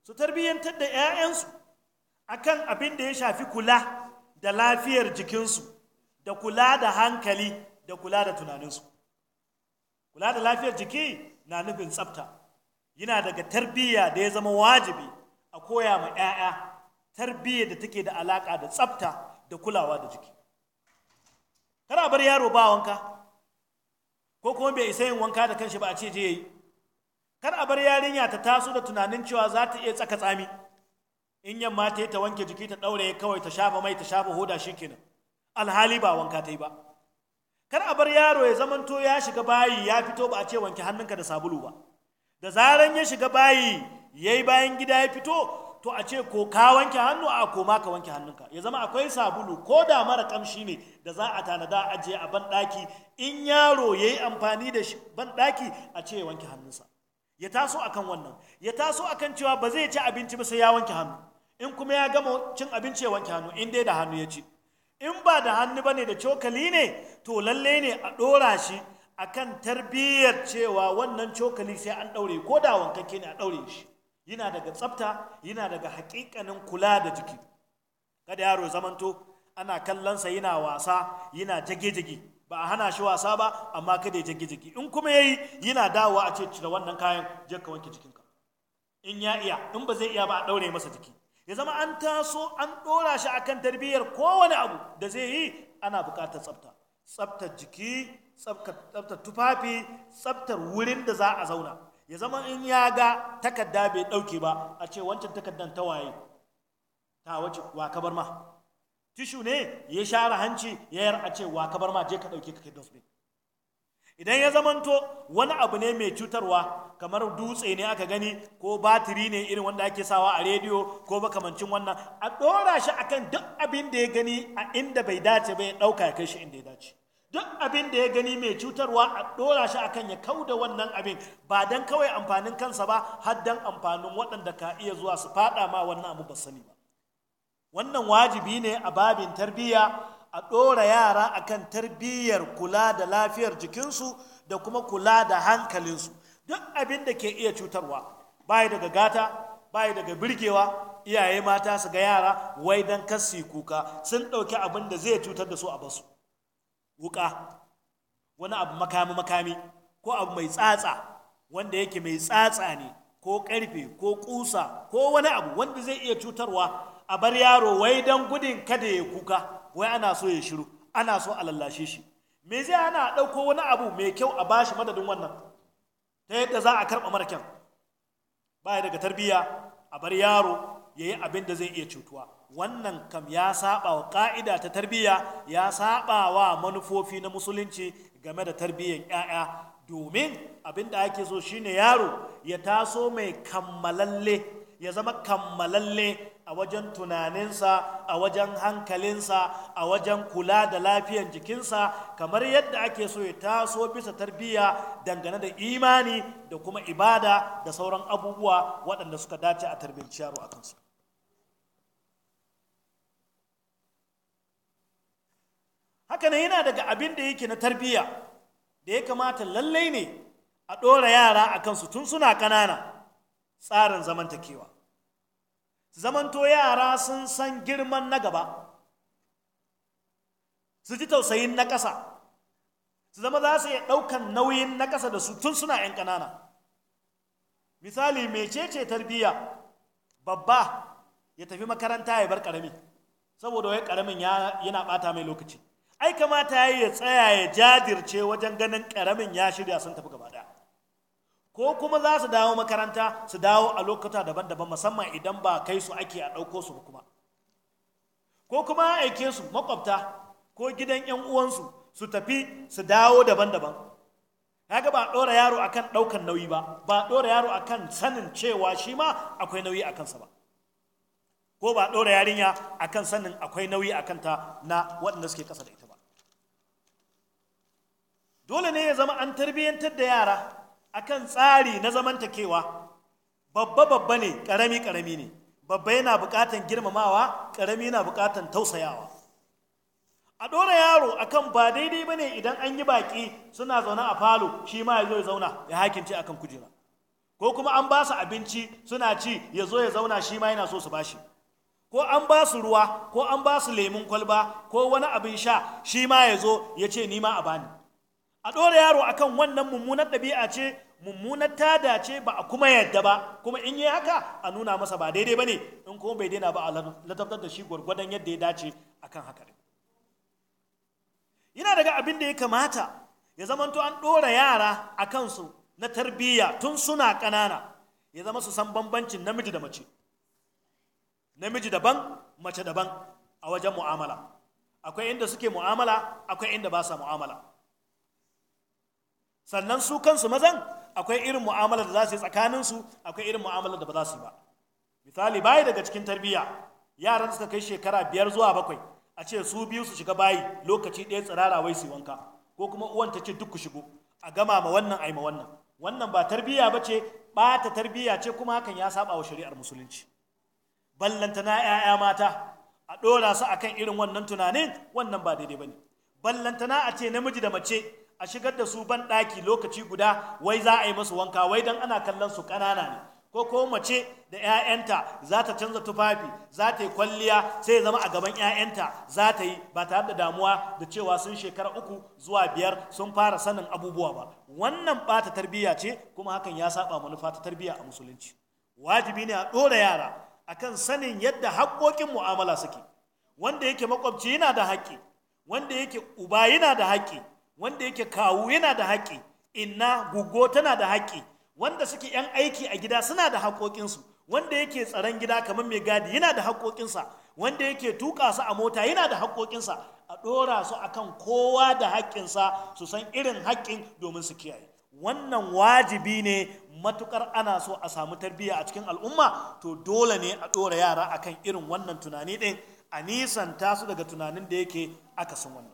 su tarbiyyantar da 'ya'yansu a kan abin da ya shafi kula da lafiyar jikinsu da kula da hankali da kula da tunaninsu kula da lafiyar jiki na nufin tsafta yana daga tarbiyya da ya zama wajibi a koya ma 'ya'ya tarbiyyar da take da alaƙa da tsafta da kulawa da jiki kana bar yaro ba wanka ko kuma bai isa yin wanka da kanshi ba a ce je yi kar a bar yarinya ta taso da tunanin cewa za ta iya tsaka tsami in yamma ta yi ta wanke jiki ta ɗaure kawai ta shafa mai ta shafa hoda shi kenan alhali ba wanka ta yi ba kar a bar yaro ya zamanto ya shiga bayi ya fito ba a ce wanke hannunka da sabulu ba da zaran ya shiga bayi ya yi bayan gida ya fito to a ce ko ka wanke hannu a ko ma ka wanke hannunka ya zama akwai sabulu ko da mara kamshi ne da za a tanada a aje a banɗaki in yaro ya yi amfani da banɗaki a ce ya wanke hannunsa ya taso akan wannan ya taso akan cewa ba zai ci abinci ba sai ya wanke hannu in kuma ya gama cin abinci ya wanke hannu in dai da hannu ya ci in ba da hannu ba ne da cokali ne to lalle ne a ɗora shi a kan tarbiyyar cewa wannan cokali sai an ɗaure ko da wankake ne a ɗaure shi yana daga tsafta yana daga haƙiƙanin kula da jiki kada yaro zamanto ana kallonsa yana wasa yana jage-jage ba a hana shi wasa ba amma kada ya jage-jage in kuma ya yi yana dawowa a ce cire wannan kayan je ka wanke jikinka in ya iya in ba zai iya ba a ɗaure masa jiki ya zama an taso an ɗora shi akan tarbiyyar kowane abu da zai yi ana buƙatar tsafta tsaftar jiki tsaftar tufafi tsaftar wurin da za a zauna ya zama in ya ga takarda bai ɗauke ba a ce wancan takardar ta waye ta wace wa kabar ma tishu ne ya share hanci ya yar a ce wa kabar ma je ka ɗauke ka kai dustbin idan ya zamanto wani abu ne mai cutarwa kamar dutse ne aka gani ko batiri ne irin wanda ake sawa a rediyo ko makamancin wannan a ɗora shi akan duk abin da ya gani a inda bai dace ba ya ɗauka ya kai shi inda ya dace duk abin da ya gani mai cutarwa a ɗora shi akan ya kau da wannan abin ba dan kawai amfanin kansa ba har dan amfanin waɗanda ka iya zuwa su fada ma wannan abu ba sani ba wannan wajibi ne a babin tarbiyya a ɗora yara a kan tarbiyyar kula da lafiyar jikinsu da kuma kula da hankalinsu duk abin da ke iya cutarwa bayi daga gata bayi daga birgewa iyaye mata su ga yara wai don kassi kuka sun ɗauki abin da zai cutar da su a basu wuka wani abu makami makami ko abu mai tsatsa wanda yake mai tsatsa ne ko ƙarfe ko ƙusa ko wani abu wanda zai iya cutarwa a bar yaro wai don gudun kada ya kuka wai ana so ya shiru ana so a lallashe shi me zai ana a ɗauko wani abu mai kyau a bashi madadin wannan ta yadda za a karɓa mara kyan baya daga tarbiyya a bar yaro ya yi abin da zai iya cutuwa wannan kam ya saba wa ƙa'ida ta tarbiyya ya saba wa manufofi na musulunci game da tarbiyyar 'ya'ya domin abin da ake so shine yaro ya taso mai kammalalle ya zama kammalalle a wajen tunaninsa a wajen hankalinsa a wajen kula da lafiyan jikinsa kamar yadda ake so ya taso bisa tarbiyya dangane da imani da kuma ibada da sauran abubuwa waɗanda suka dace a tarbiyyar a kansu haka ne yana daga abin da yake na tarbiyya da ya kamata lallai ne a ɗora yara a kansu tun suna ƙanana tsarin zamantakewa zamanto yara sun san girman na gaba su ji tausayin na ƙasa su zama za su iya ɗaukan nauyin na ƙasa da su tun suna 'yan ƙanana misali mecece tarbiyya babba ya tafi makaranta ya bar ƙarami saboda wai ƙaramin yana ɓata mai lokaci ai kamata ya yi ya tsaya ya jajirce wajen ganin ƙaramin ya shirya sun tafi gaba ɗaya ko kuma za su dawo makaranta su dawo a lokuta daban-daban musamman idan ba kai su ake a ɗauko su kuma ko kuma aike su makwabta ko gidan 'yan uwansu su tafi su dawo daban-daban kaga ba ɗora yaro akan ɗaukan nauyi ba ba ɗora yaro akan sanin cewa shi ma akwai nauyi a kansa ba ko ba ɗora yarinya akan sanin akwai nauyi a kanta na waɗanda suke ƙasa da ita ba dole ne ya zama an tarbiyyantar da yara akan tsari na zamantakewa babba babba ne ƙarami ƙarami ne babba yana buƙatan girmamawa ƙarami na buƙatan tausayawa a ɗora yaro akan ba daidai ba ne idan an yi baƙi suna zaune a falo shi ma ya zo ya zauna ya hakimci akan kujera ko kuma an ba su abinci suna ci ya zo ya zauna shi ma yana so su bashi ko an ba su ruwa ko an ba su lemun kwalba ko wani abin sha shi ma ya zo ya ce ni ma a bani a ɗora yaro akan wannan mummunar ɗabi'a ce mummunar tada ce ba a kuma yadda ba kuma in yi haka a nuna masa ba daidai ba ne in kuma bai daina ba a latabtar da shi gwargwadon yadda ya dace a kan haka ne yana daga abin da ya kamata ya zamanto an ɗora yara a kansu na tarbiyya tun suna ƙanana ya zama su san bambancin namiji da mace namiji daban mace daban a wajen mu'amala akwai inda suke mu'amala akwai inda ba sa mu'amala sannan su kansu mazan akwai irin mu'amalar da za su yi tsakaninsu akwai irin mu'amalar da ba za su yi ba misali bayi daga cikin tarbiyya yaran suka kai shekara biyar zuwa bakwai a ce su biyu su shiga bayi lokaci ɗaya tsirara wai su wanka ko kuma uwan ta ce duk ku shigo a gama ma wannan ma wannan wannan ba tarbiyya ba ce ɓata tarbiyya ce kuma hakan ya saba wa shari'ar musulunci ballanta na 'ya'ya mata a ɗora su akan irin wannan tunanin wannan ba daidai ba ne ballantana a ce namiji da mace a shigar da su ban ɗaki lokaci guda wai za a yi masu wanka wai dan ana kallon su ƙanana ne ko ko mace da 'ya'yanta za ta canza tufafi za ta yi kwalliya sai zama a gaban 'ya'yanta za ta yi ba tare da damuwa da cewa sun shekara uku zuwa biyar sun fara sanin abubuwa ba wannan ɓata tarbiyya ce kuma hakan ya saba manufa ta tarbiyya a musulunci wajibi ne a ɗora yara akan sanin yadda haƙƙoƙin mu'amala suke wanda yake makwabci yana da haƙƙi wanda yake uba yana da haƙƙi wanda yake kawu yana da haƙƙi inna gugo tana da haƙƙi wanda suke 'yan aiki a gida suna da haƙoƙinsu wanda yake tsaron gida kamar mai gadi yana da haƙoƙinsa wanda yake tuƙa su a mota yana da haƙoƙinsa a ɗora su akan kowa da haƙƙinsa su san irin haƙƙin domin su kiyaye wannan wajibi ne matukar ana so a samu tarbiyya a cikin al'umma to dole ne a ɗora yara akan irin wannan tunani ɗin a nisanta su daga tunanin da yake akasin wannan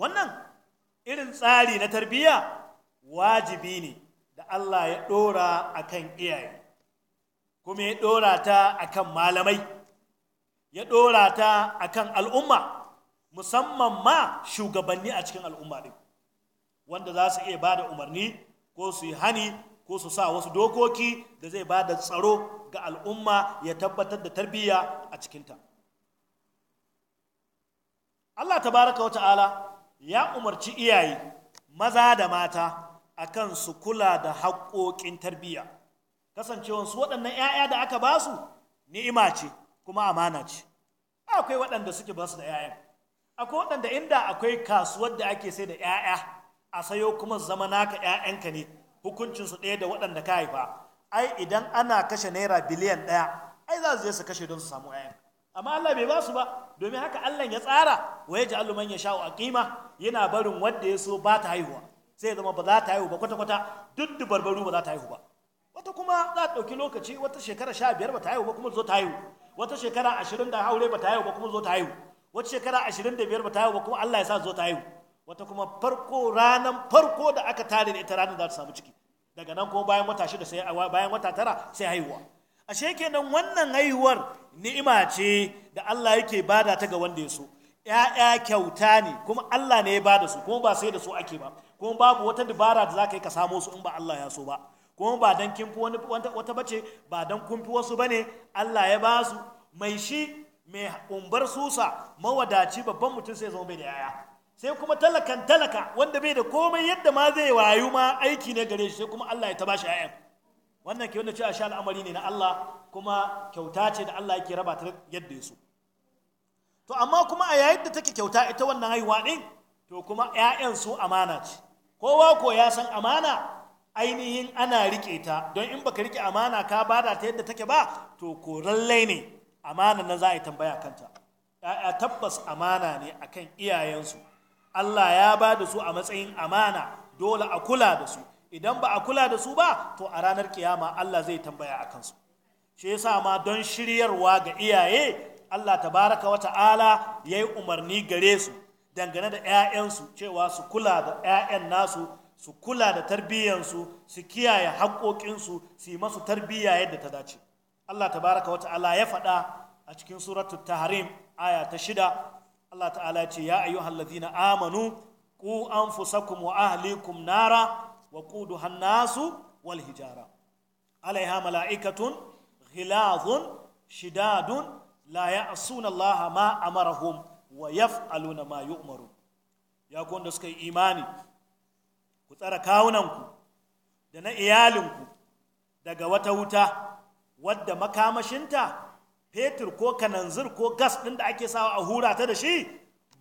wannan irin tsari na tarbiyya wajibi ne da Allah ya ɗora a kan iyaye kuma ya ɗora ta a kan malamai ya ɗora ta a kan al'umma musamman ma shugabanni a cikin al'umma ɗin wanda za su iya ba da umarni ko su yi hani ko su sa wasu dokoki da zai ba da tsaro ga al'umma ya tabbatar da tarbiyya a cikinta Allah Ta baraka wa ta'ala ya umarci iyaye maza da mata akan su kula da haƙoƙin tarbiyya kasancewa su waɗannan 'ya'ya da aka ba su ni'ima ce kuma amana ce akwai waɗanda suke ba su da 'ya'ya. akwai waɗanda inda akwai kasuwar da ake sai da 'ya'ya a sayo kuma zama naka 'ya'yanka ne hukuncinsu ɗaya da waɗanda ka haifa ai idan ana kashe naira biliyan ɗaya ai za su je su kashe don su samu 'ya'ya. amma Allah bai ba su ba domin haka Allah ya tsara wa ya ja'alu man yasha'u aqima yana barin wanda ya so ba ta haihuwa sai zama ba za ta haihu ba kwata kwata duk da dubarbaru ba za ta haihu ba wata kuma za ta ɗauki lokaci wata shekara sha biyar ba ta haihu ba kuma zo ta haihu wata shekara ashirin da haure ba ta haihu ba kuma zo ta haihu wata shekara ashirin da biyar ba ta haihu ba kuma Allah ya sa zo ta haihu wata kuma farko ranar farko da aka tare da ita ranar za ta samu ciki daga nan kuma bayan wata shida sai bayan wata tara sai haihuwa ashe kenan wannan haihuwar ni'ima ce da Allah yake bada ta ga wanda ya so ‘ya'ya kyauta ne kuma Allah ne ya bada su kuma ba sai da su ake ba kuma babu wata dabara da za ka yi ka samo su in ba Allah ya so ba kuma ba dan kin fi wani wata bace ba dan kun fi wasu bane Allah ya ba su mai shi mai umbar susa mawadaci babban mutum sai zama bai da ‘ya'ya sai kuma talakan talaka wanda bai da komai yadda ma zai wayu ma aiki ne gare shi sai kuma Allah ya ta bashi shi ‘ya'yan wannan ke wanda cewa sha al'amari ne na Allah kuma kyauta ce da Allah yake raba ta yadda ya so to amma kuma a yayin da take kyauta ita wannan haihuwa ɗin to kuma 'ya'yan su amana ce kowa ko ya san amana ainihin ana riƙe ta don in baka riƙe amana ka bada ta yadda take ba to ko lallai ne amana na za a yi tambaya kanta ‘ya'ya tabbas amana ne akan iyayensu Allah ya ba da su a matsayin amana dole a kula da su idan ba a kula da su ba to a ranar kiyama Allah zai tambaya a kansu shi yasa ma don shiryarwa ga iyaye Allah tabaraka wa ta'ala yi umarni gare su dangane da 'ya'yansu cewa su kula da 'ya'yan nasu su kula da tarbiyyansu su kiyaye haƙoƙinsu su yi masu tarbiyya yadda ta dace Allah tabaraka wa ta'ala ya faɗa a cikin suratul tahrim aya ta shida Allah ta'ala ce ya ayyuhallazina amanu ku anfusakum wa ahlikum nara وقودها الناس والحجارة عليها ملائكة غلاظ شداد لا يعصون الله ما أمرهم ويفعلون ما يؤمرون يا كون da suka yi imani ku tsara kawunanku da na iyalinku daga wata wuta wadda makamashinta fetur ko kananzir ko gas ɗin da ake sawa a hura ta da shi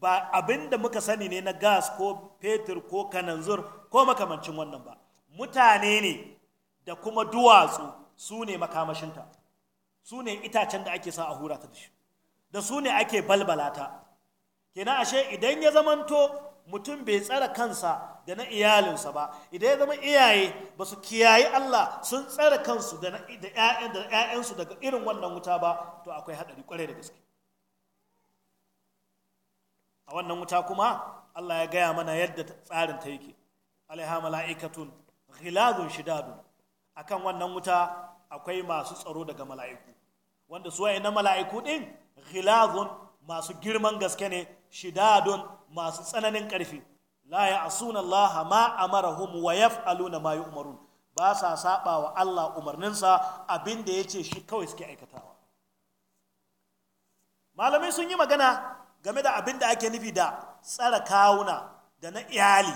ba abin da muka sani ne na gas ko fetur ko kananzur ko makamancin wannan ba mutane ne da kuma duwatsu su ne makamashinta su ne itacen da ake sa a hura ta da shi da su ne ake balbalata. kenan ashe idan ya zamanto mutum bai tsara kansa da na iyalinsa ba idan ya zama iyaye ba su kiyayi Allah sun tsara kansu da 'ya'yansu daga irin wannan wuta ba to akwai haɗari kwarai da gaske a wannan wuta kuma Allah ya gaya mana yadda tsarin ta yake alaiha mala'ikatun ghilazun shidadun akan wannan wuta akwai masu tsaro daga mala'iku wanda su na mala'iku din ghilazun masu girman gaske ne shidadun masu tsananin ƙarfi la ya'suna Allah ma amarahum wa yaf'aluna ma yu'marun ba sa saba wa Allah umarninsa abin da yace shi kawai suke aikatawa malamai sun yi magana game da abin da ake nufi da tsara kawuna da na iyali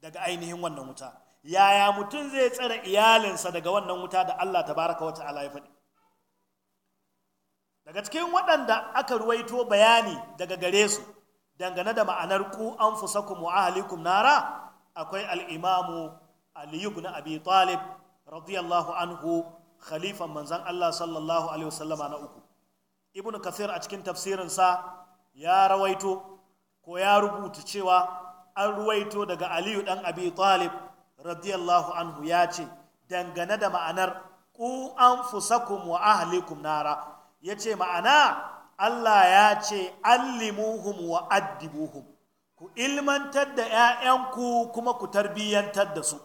daga ainihin wannan wuta yaya mutum zai tsara iyalinsa daga wannan wuta da Allah tabaraka wa ta'ala ya faɗi daga cikin waɗanda aka ruwaito bayani daga gare su dangane da ma'anar ku an fusakum wa ahlikum nara akwai al'imamu aliyu na abi talib radiyallahu anhu khalifan manzan Allah sallallahu alaihi wasallama na uku ibn kasir a cikin tafsirinsa ya rawaito ko ya rubuta cewa an ruwaito daga aliyu ɗan abi talib radiyallahu anhu ya ce dangane da ma'anar ku an fusakum wa ahlikum nara ya ce ma'ana allah ya ce allimuhum wa addibuhum ku ilmantar da 'ya'yanku kuma ku tarbiyyantar da su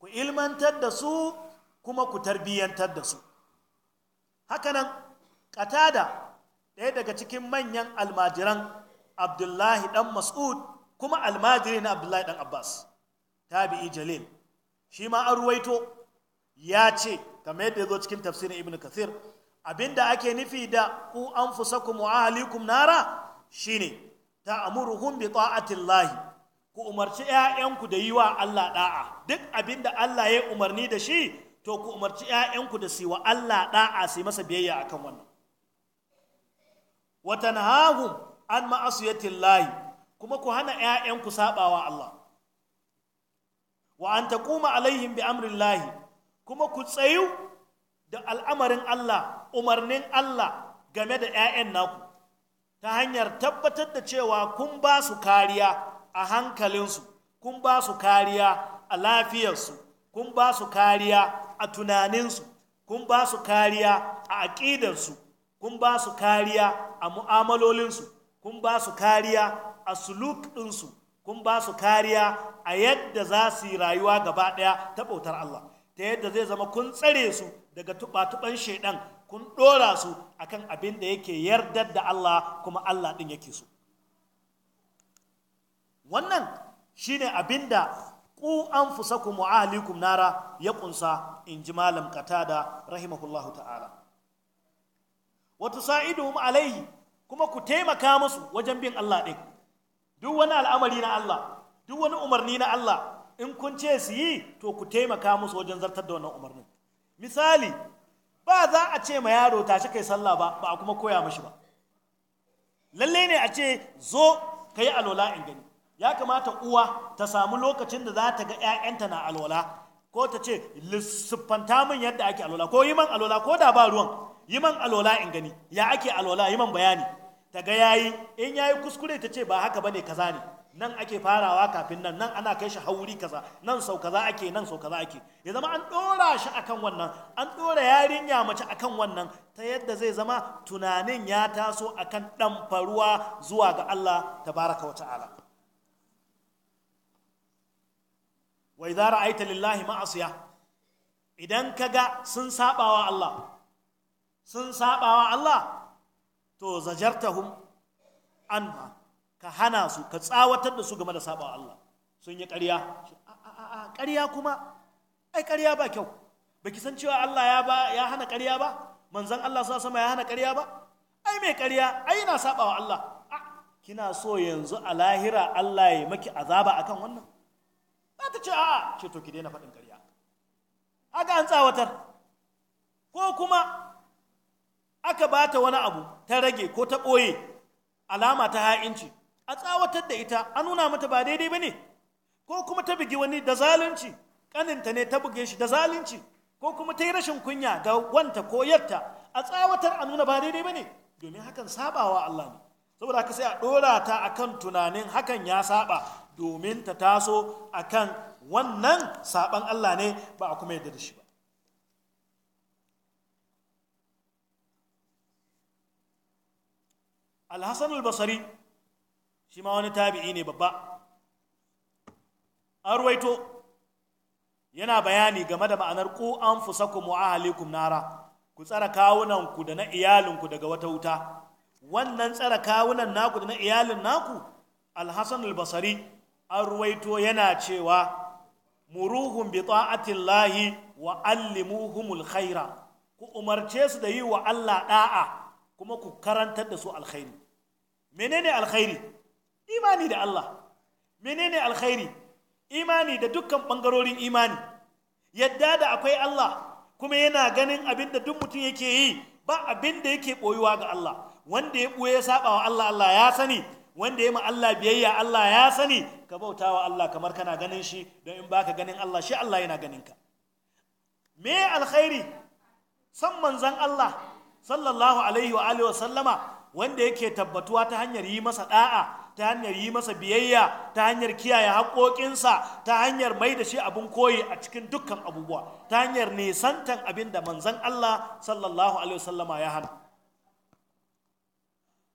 ku ilmantar da su kuma ku tarbiyyantar da su hakanan ƙatada ɗaya daga cikin manyan almajiran abdullahi ɗan mas'ud kuma almajiri na abdullahi ɗan abbas tabi'i jalil shi ma an ruwaito ya ce kamar yadda ya zo cikin tafsirin ibn kathir abinda ake nufi da ku an fusa ku mu'ahalikum nara shine ta'muruhum bi ta'atillahi ku umarci 'ya'yanku da yi wa Allah da'a duk abinda Allah ya umarni da shi to ku umarci 'ya'yanku da su wa Allah da'a sai masa biyayya akan wannan wa tanhahum an ma'asiyatillahi kuma ku hana ku sabawa Allah wa an taquma alaihim bi amrillahi kuma ku tsayu da al'amarin Allah umarnin Allah game da ƴaƴan naku ta hanyar tabbatar da cewa kun ba su kariya a hankalinsu kun ba su kariya a lafiyarsu kun ba su kariya a tunaninsu kun ba su kariya a aƙidarsu kun ba su kariya a mu'amalolinsu kun ba su kariya a suluk ɗinsu kun ba su kariya a yadda za su yi rayuwa gaba ɗaya ta bautar Allah ta yadda zai zama kun tsare su daga tuɓa-tuɓan shaidan kun ɗora su akan abin da yake yardar da Allah kuma Allah ɗin yake su. wannan shi ne abin da ku an fusa ku ahlikum nara ya ƙunsa in ji malam da rahimahullahu ta'ala wa tusaiduhum alayhi kuma ku taimaka musu wajen bin Allah ɗin? duk wani al'amari na Allah duk wani umarni na Allah in kun ce su yi to ku taimaka musu wajen zartar da wannan umarnin misali ba za a ce ma yaro tashi kai sallah ba ba a kuma koya mashi ba lalle ne a ce zo ka yi alwala in gani ya kamata uwa ta samu lokacin da za ta ga 'ya'yanta na alwala ko ta ce lissufanta min yadda ake alwala ko yi man alwala ko da ba ruwan yi man alola in gani ya ake alola yi man bayani ta ga yayi in yayi kuskure ta ce ba haka bane kaza ne nan ake farawa kafin nan nan ana kai shi hauri kaza nan sau kaza ake nan sau kaza ake ya zama an dora shi akan wannan an dora yarinya mace akan wannan ta yadda zai zama tunanin ya taso akan dan faruwa zuwa ga Allah tabaraka wa ta'ala wa idza ra'aita lillahi ma'asiya idan kaga sun sabawa Allah sun sabawa Allah to zajartahum anha ka hana su ka tsawatar da su game da sabawa Allah sun yi ƙarya a ƙarya kuma ai ƙarya ba kyau baki san cewa Allah ya ba ya hana ƙarya ba manzon Allah sa sama ya hana ƙarya ba ai mai ƙarya ai saba sabawa Allah kina so yanzu a lahira Allah ya maki azaba akan wannan ba ta ce a'a ce to ki daina faɗin ƙarya aga an tsawatar ko kuma aka ba ta wani abu ta rage ko ta ɓoye alama ta ha'inci a tsawatar da ita an nuna mata ba daidai ba ne ko kuma ta bugi wani da zalunci ƙaninta ne ta buge shi da zalunci ko kuma ta yi rashin kunya ga wanta ko yarta a tsawatar a nuna ba daidai ba ne domin hakan sabawa Allah ne saboda haka sai a ɗora ta akan tunanin hakan ya saba domin ta taso akan wannan saban Allah ne ba a kuma yarda da shi ba alhassan albasari shi ma wani tabi'i ne babba an ruwaito yana bayani game da ma'anar ku an fusakum wa ahalikum nara ku tsara kawunanku da na iyalinku daga wata wuta wannan tsara kawunan naku da na iyalin naku alhassan albasari an ruwaito yana cewa muruhum bi ta'atillahi wa allimuhumul khaira ku umarce su da yi wa Allah da'a kuma ku karantar da su alkhairi menene alkhairi imani da Allah menene alkhairi imani da dukkan bangarorin imani yadda da akwai Allah kuma yana ganin abin da duk mutum yake yi ba abin da yake boyuwa ga Allah wanda ya boye saba wa Allah Allah ya sani wanda ya ma Allah biyayya Allah ya sani ka bauta wa Allah kamar kana ganin shi don in baka ganin Allah shi Allah yana ganin ka me alkhairi san manzon Allah sallallahu alaihi wa alihi wa sallama wanda yake tabbatuwa ta hanyar yi masa da'a ta hanyar yi masa biyayya ta hanyar kiyaye haƙoƙinsa ta hanyar mai da shi abin koyi a cikin dukkan abubuwa ta hanyar nisantan abin da manzan Allah sallallahu alaihi wasallama ya hana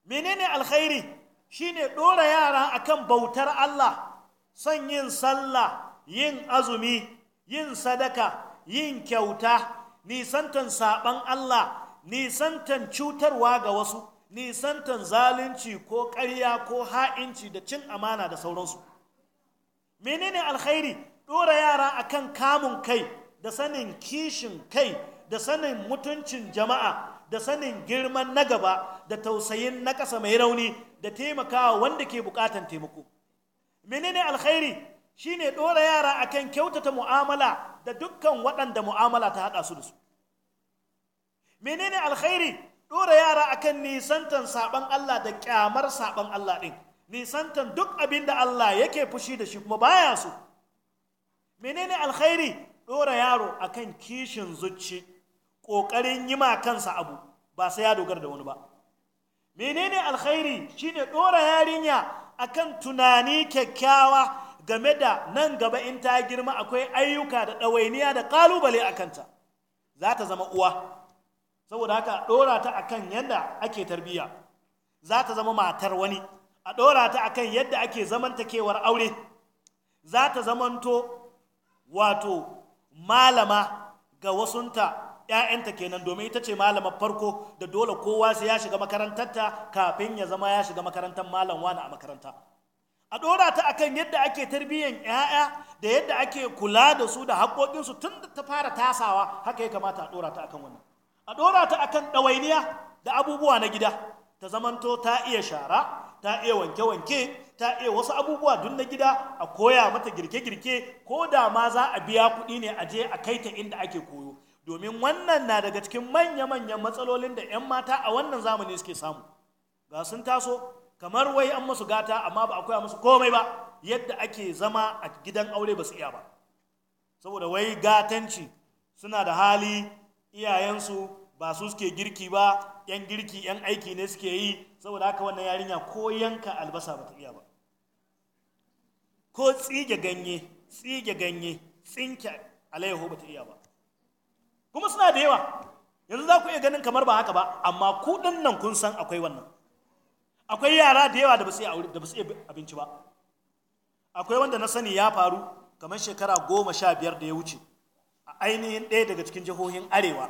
menene alkhairi shine ɗora yara akan bautar Allah son yin sallah yin azumi yin sadaka yin kyauta nisantan saɓan Allah nisantan cutarwa ga wasu nisantan zalunci ko karya ko ha'inci da cin amana da sauransu menene alkhairi ɗora yara akan kamun kai da sanin kishin kai da sanin mutuncin jama'a da sanin girman na gaba da tausayin na ƙasa mai rauni da taimakawa wanda ke buƙatan taimako menene alkhairi shine ɗora yara akan kyautata mu'amala da dukkan waɗanda mu'amala ta haɗa su da su menene alkhairi ɗora yara akan nisantan saɓan Allah da ƙyamar saɓan Allah ɗin nisantan duk abin da Allah yake fushi da shi kuma baya so menene alkhairi ɗora yaro akan kishin zuci ƙoƙarin yi ma kansa abu ba sai ya dogara da wani ba menene alkhairi shine ɗora yarinya akan tunani kyakkyawa game da nan gaba in ta girma akwai ayyuka da ɗawainiya da ƙalubale a kanta za ta zama uwa saboda haka ɗora ta akan yadda ake tarbiyya za ta zama matar wani a ɗora ta akan yadda ake zamantakewar aure za ta zamanto wato malama ga wasunta ‘ya'yanta kenan domin ita ce malama farko da dole kowa sai ya shiga makarantarta kafin ya zama ya shiga makarantar malam wani a makaranta a ɗora ta akan yadda ake tarbiyyar ‘ya'ya da yadda ake kula da su da haƙoƙinsu tun da ta fara tasawa haka ya kamata a ɗora ta akan wannan a ɗora ta akan ɗawainiya da abubuwa na gida ta zamanto ta iya shara ta iya wanke-wanke ta iya wasu abubuwa dun na gida a koya mata girke-girke ko da ma za a biya kuɗi ne a je a kai ta inda ake koyo domin wannan na daga cikin manya-manyan matsalolin da 'yan mata a wannan zamani suke samu ga sun taso kamar wai an musu gata amma ba a koya musu komai ba yadda ake zama a gidan aure ba su iya ba saboda wai gatanci suna da hali iyayensu ba su suke girki ba yan girki yan aiki ne suke yi saboda haka wannan yarinya ko yanka albasa ba ta iya ba ko tsige ganye tsige ganye tsinke alaiho ba ta iya ba kuma suna da yawa yanzu za ku iya ganin kamar ba haka ba amma ku nan kun san akwai wannan akwai yara da yawa da ba su iya abinci ba akwai wanda na sani ya faru kamar shekara goma sha biyar da ya wuce a ainihin ɗaya daga cikin jihohin arewa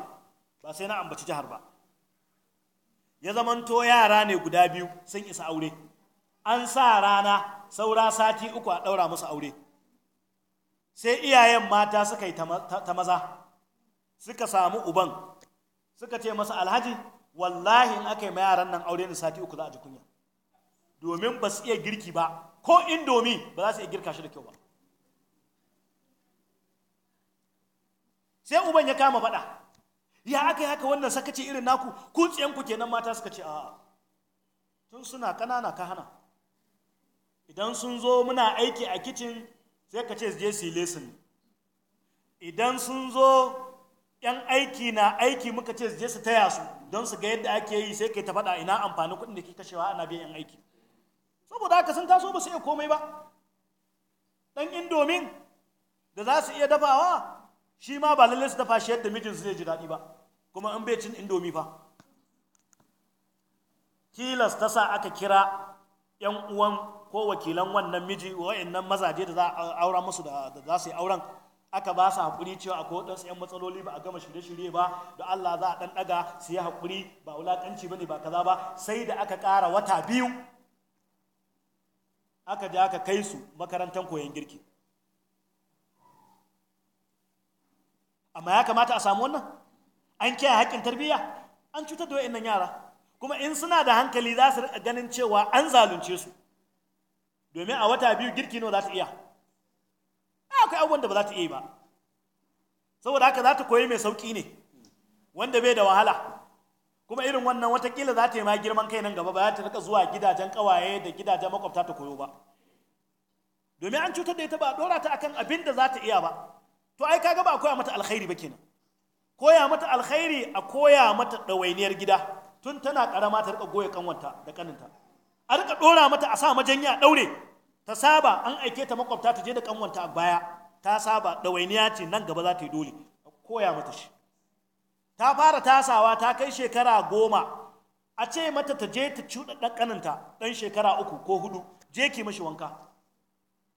ba sai na ambaci jihar ba ya zamanto yara ne guda biyu sun isa aure an sa rana saura sati uku a ɗaura musu aure sai iyayen mata suka yi ta maza suka samu uban suka ce masa alhaji wallahi in aka yi ma yaran nan aure ne sati uku za a ji kunya domin ba su iya girki ba ko indomi ba za su iya girka shi da kyau ba sai uban ya kama faɗa ya aka yi haka wannan sakaci irin naku ku kenan mata suka ce a'a tun suna ƙanana ka hana idan sun zo muna aiki a kicin sai ka ce je su yi lesson idan sun zo yan aiki na aiki muka ce je su taya su don su ga yadda ake yi sai kai ta faɗa ina amfani kuɗin da ke kashewa ana biyan yan aiki saboda haka sun taso ba su iya komai ba Dan indomin da za su iya dafawa shi ma ba lalle su dafa shi yadda mijin zai ji daɗi ba kuma in bai cin indomi fa tilas ta sa aka kira yan uwan ko wakilan wannan miji wa'annan mazaje da za a aura musu da za su yi auren aka ba su haƙuri cewa a kowa ɗansu 'yan matsaloli ba a gama shirye-shirye ba da Allah za a ɗan ɗaga su yi haƙuri ba wulaƙanci ba ne ba kaza ba sai da aka ƙara wata biyu aka je aka kai su makarantar koyon girki amma ya kamata a samu wannan an kiyaye haƙƙin tarbiyya an cutar da wa'annan yara kuma in suna da hankali za su ganin cewa an zalunce su domin a wata biyu girki nawa za ta iya akwai abubuwan da ba za ta iya ba saboda haka za ta koyi mai sauƙi ne wanda bai da wahala kuma irin wannan watakila za ta yi ma girman kai nan gaba ba za ta rika zuwa gidajen ƙawaye da gidajen makwabta ta koyo ba domin an cutar da ita ba a ɗora ta akan abin da za ta iya ba to ai kaga ba a koya mata alkhairi ba kenan koya mata alkhairi a koya mata ɗawainiyar gida tun tana ƙarama ta rika goya kanwanta da kaninta a rika ɗora mata a sa majanya ɗaure ta saba an aike ta makwabta ta je da kanwanta a baya ta saba ɗawainiya ce nan gaba za ta yi dole a koya mata shi ta fara tasawa ta kai shekara goma a ce mata ta je ta cuɗa ɗan kaninta ɗan shekara uku ko hudu je ki mashi wanka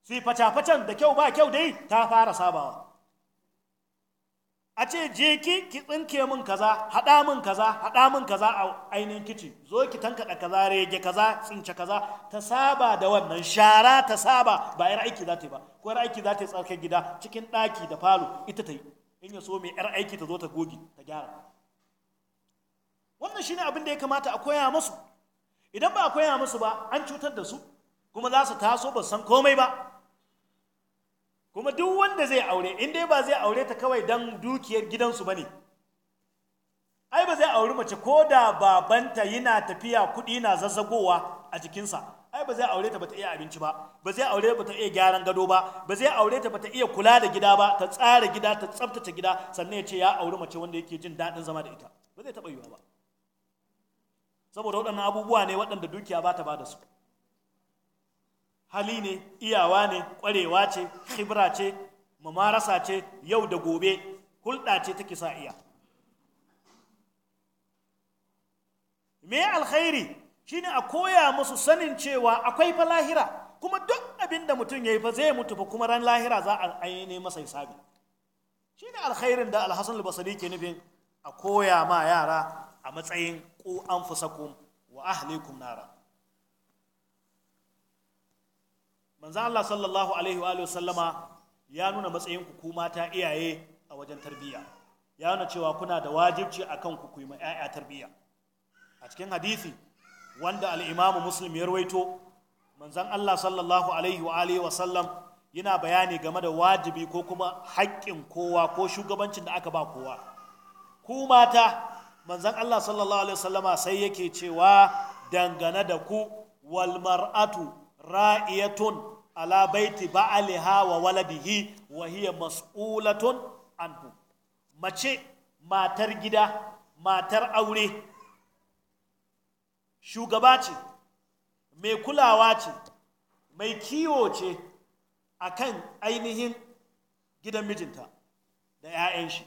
su yi faca-facen da kyau ba kyau dai ta fara sabawa a ce je ki ki tsinke min kaza haɗa min kaza haɗa min kaza a ainihin kici zo ki tankaɗa kaza rege kaza tsince kaza ta saba da wannan shara ta saba ba yar aiki zata yi ba ko yar aiki zata yi tsarkar gida cikin ɗaki da falo ita ta yi in ya so mai yar aiki ta zo ta goge ta gyara wannan shine abin da ya kamata a koya musu idan ba a koya musu ba an cutar da su kuma za su taso ba san komai ba kuma duk wanda zai aure in dai ba zai aure ta kawai don dukiyar gidansu ba ne ai ba zai auri mace ko da babanta yana tafiya kuɗi na zazzagowa a jikinsa ai ba zai aure ta bata iya abinci ba ba zai aure ta bata iya gyaran gado ba ba zai aure ta bata iya kula da gida ba ta tsara gida ta tsaftace gida sannan ya ce ya auri mace wanda yake jin daɗin zama da ita ba zai taɓa yiwuwa ba saboda waɗannan abubuwa ne waɗanda dukiya ba ta ba da su hali ne iyawa ne ƙwarewa ce khibra ce mamarasa ce yau da gobe hulɗa ce take sa iya me alkhairi shine a koya musu sanin cewa akwai fa lahira kuma duk abin da mutum ya yi fa zai mutu fa kuma ran lahira za a ainihin masa hisabi shine alkhairin da alhassan albasari ke nufin a koya ma yara a matsayin ku an fusakum wa ahlikum nara manzo Allah sallallahu alaihi wa sallama ya nuna matsayin ku ku mata iyaye a wajen tarbiyya ya nuna cewa kuna da wajibci akan ku ku yi ma tarbiyya a cikin hadisi wanda al-Imam Muslim ya rawaito manzon Allah sallallahu alaihi wa alihi wa sallam yana bayani game da wajibi ko kuma haƙƙin kowa ko shugabancin da aka ba kowa ku mata manzon Allah sallallahu alaihi wa sallama sai yake cewa dangane da ku wal mar'atu ra'iyatun ala baiti ba'aliha wa waladihi wa hiya mas'ulatun anhu mace matar gida matar aure shugaba ce mai kulawa ce mai kiwo ce akan ainihin gidan mijinta da 'ya'yan shi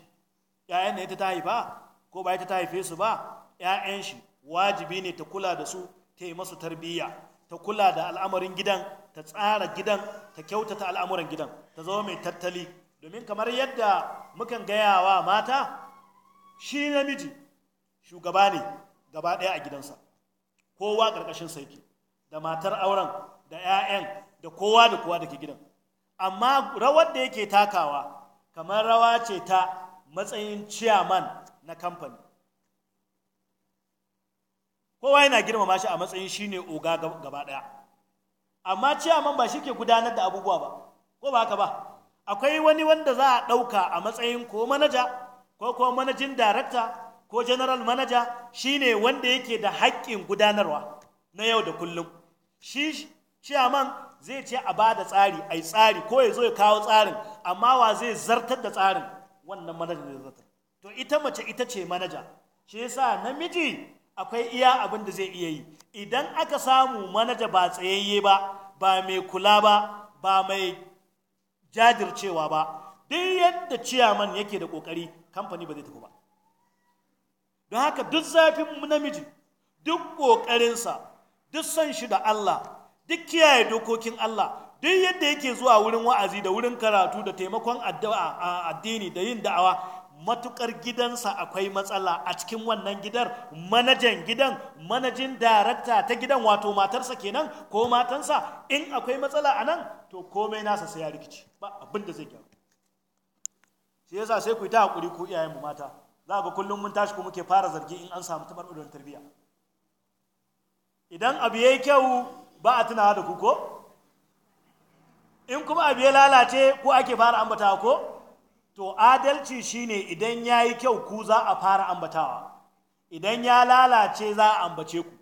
'ya'yan da ita ta haifa ko ba ita ta haife su ba 'ya'yan shi wajibi ne ta kula da su ta yi masu tarbiyya ta kula da al'amarin gidan ta tsara gidan ta kyautata al'amuran gidan ta zama mai tattali domin kamar yadda mukan gaya wa mata shi namiji shugaba ne gaba ɗaya a gidansa kowa ƙarƙashin saiki da matar auren da 'ya'yan da kowa da kowa da ke gidan amma rawar da yake takawa kamar rawa ce ta matsayin ciyaman na kamfani kowa yana girmama shi a matsayin shine oga gaba ɗaya amma ciyaman ba shi ke gudanar da abubuwa ba ko ba haka ba akwai wani wanda za a ɗauka a matsayin ko manaja ko ko manajin darakta ko general manaja shine wanda yake da haƙƙin gudanarwa na yau da kullum shi ciyaman zai ce a ba da tsari a tsari ko ya zo ya kawo tsarin amma wa zai zartar da tsarin wannan manajan zai zartar to ita mace ita ce manaja shi yasa namiji akwai iya abin da zai iya yi idan aka samu manaja ba tsayayye ba ba mai kula ba ba mai jajircewa ba duk yadda ciyaman yake da kokari kamfani ba zai tafi ba don haka duk zafin namiji duk kokarinsa duk son shi da Allah duk kiyaye dokokin Allah duk yadda yake zuwa wurin wa'azi da wurin karatu da taimakon addini da yin da'awa matukar gidansa akwai matsala a cikin wannan gidan manajan gidan manajin darakta ta gidan wato matarsa kenan ko matansa in akwai matsala a nan to komai nasa sai ya rikici ba abin da zai gyaru shi yasa sai ku yi ta hakuri ku iyayen mu mata za ga kullum mun tashi ku muke fara zargi in an samu tabarɓarin tarbiyya idan abu yayi kyau ba a tunawa da ku ko in kuma abu ya lalace ko ake fara ambata ko to adalci shine idan ya yi kyau ku za a fara ambatawa idan ya lalace za a ambace ku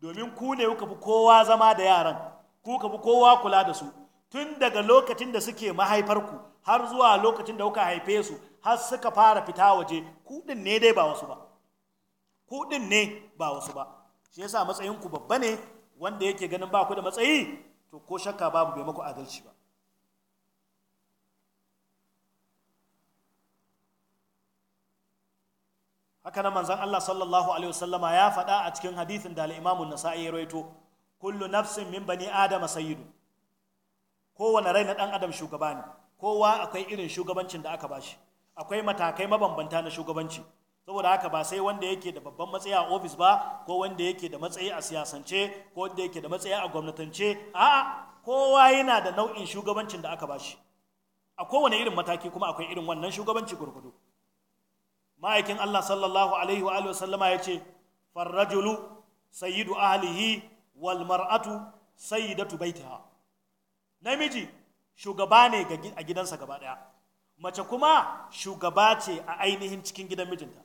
domin ku ne kuka fi kowa zama da yaran ku ka fi kowa kula da su tun daga lokacin da suke mahaifarku har zuwa lokacin da kuka haife su har suka fara fita waje kuɗin ne dai ba wasu ba kuɗin ne ba wasu ba shi yasa matsayinku babba ne wanda yake ganin ba ku da matsayi to ko shakka babu bai maku adalci ba haka na manzon Allah sallallahu alaihi wasallama ya faɗa a cikin hadithin da al-Imam an-Nasa'i ya rawaito kullu nafsin min bani Adama sayyidu kowane rai na dan adam shugaba ne kowa akwai irin shugabancin da aka bashi akwai matakai mabambanta na shugabanci saboda haka ba sai wanda yake da babban matsayi a ofis ba ko wanda yake da matsayi a siyasance ko wanda yake da matsayi a gwamnatance a'a kowa yana da nau'in shugabancin da aka bashi a kowane irin mataki kuma akwai irin wannan shugabanci gurgudu ma'aikin Allah sallallahu alaihi wa sallama ya ce farrajulu sayidu ahalihi wal mar'atu sayyidatu namiji shugaba ne a gidansa gaba daya mace kuma shugaba ce a ainihin cikin gidan mijinta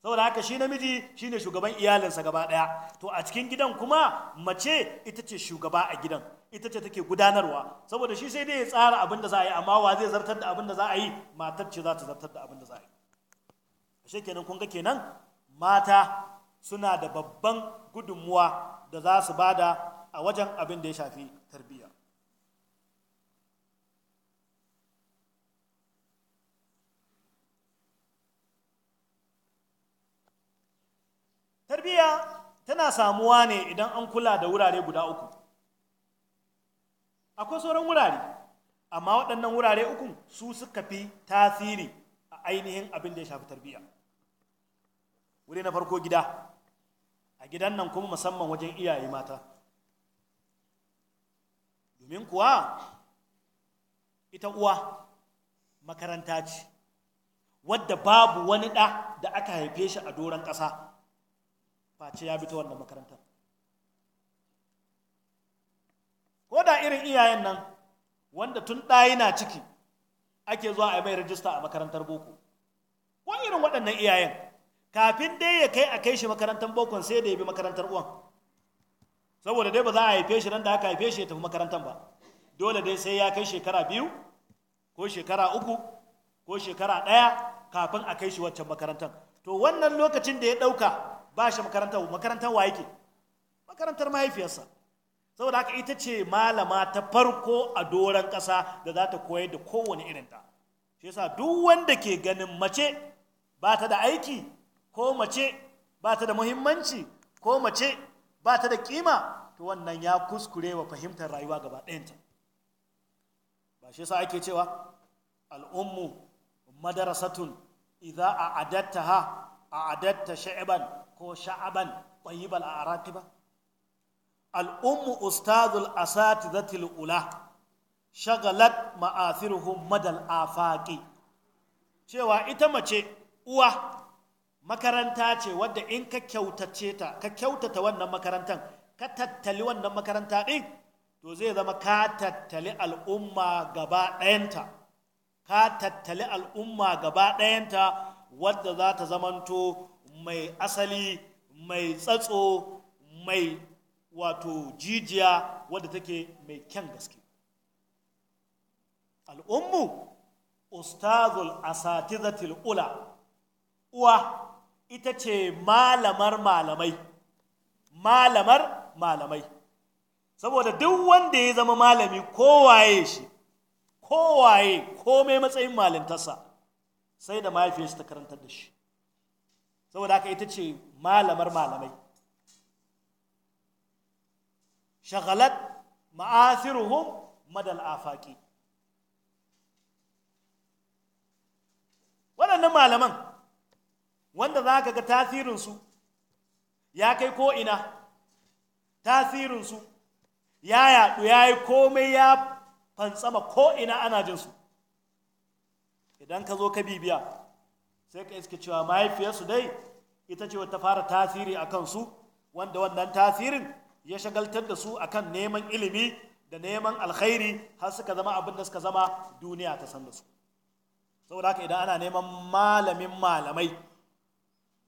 saboda haka shi namiji shi ne shugaban iyalinsa gaba daya to a cikin gidan kuma mace ita ce shugaba a gidan ita ce take gudanarwa saboda shi sai dai ya tsara abin da za a yi amma wa zai zartar da abin da za a yi matar ce za ta zartar da abin da za a yi ashe kenan kun ga kenan mata suna da babban gudunmuwa da za su bada a wajen abin da ya shafi tarbiyya tarbiyya tana samuwa ne idan an kula da wurare guda uku akwai sauran wurare amma waɗannan wurare uku su suka fi tasiri a ainihin abin da ya shafi tarbiyya wuri na farko gida a gidan nan kuma musamman wajen iyaye mata domin kuwa ita uwa makaranta ce wadda babu wani ɗa da aka haife shi a doron ƙasa face ya bi wannan makarantar ko da irin iyayen nan wanda tun ɗaya na ciki ake zuwa a mai rajista a makarantar boko ko irin waɗannan iyayen kafin dai ya kai a kai shi makarantar bokon sai da ya bi makarantar uwan saboda dai ba za a haife shi nan da aka haife shi ya tafi makarantar ba dole dai sai ya kai shekara biyu ko shekara uku ko shekara ɗaya kafin a kai shi waccan makarantar to wannan lokacin da ya ɗauka ba shi makarantar makarantar wa yake makarantar mahaifiyarsa saboda haka ita ce malama ta farko a doron ƙasa da za ta koyar da kowane irin ta shi yasa duk wanda ke ganin mace ba ta da aiki ko mace ba ta da muhimmanci ko mace ba ta da kima to wannan ya kuskure wa fahimtar rayuwa gaba ɗayanta ba shi yasa ake cewa al'ummu madarasatun idza a adatta sha'ban ko sha'aban arati ba. al'ummu ustadul asatizatil ula shagalat ma'athiruhum madal afaqi cewa ita mace uwa makaranta ce wadda in ka kyautace ta ka kyautata wannan makarantar ka tattali wannan makaranta ɗin to zai zama ka tattali al'umma gaba ɗayanta ka tattali al'umma gaba ɗayanta wadda za ta zamanto mai asali mai tsatso mai wato jijiya wadda take mai kyan gaske al'ummu ustazul asatizatil ula uwa ita ce malamar malamai malamar malamai saboda duk wanda ya zama malami kowaye shi kowaye komai matsayin malintarsa sai da mahaifiyarsa ta karantar da shi saboda haka ita ce malamar malamai shagalat ma'athiruhum madal afaki waɗannan malaman wanda za ka ga tasirinsu ya kai ko'ina tasirinsu ya yaɗu ya yi komai ya fantsama ko'ina ana jinsu idan ka zo ka bibiya sai ka iske cewa mahaifiyarsu dai ita ce wata fara tasiri a kansu wanda wannan tasirin ya shagaltar da su akan neman ilimi da neman alkhairi har suka zama abin da suka zama duniya ta san da su saboda haka idan ana neman malamin malamai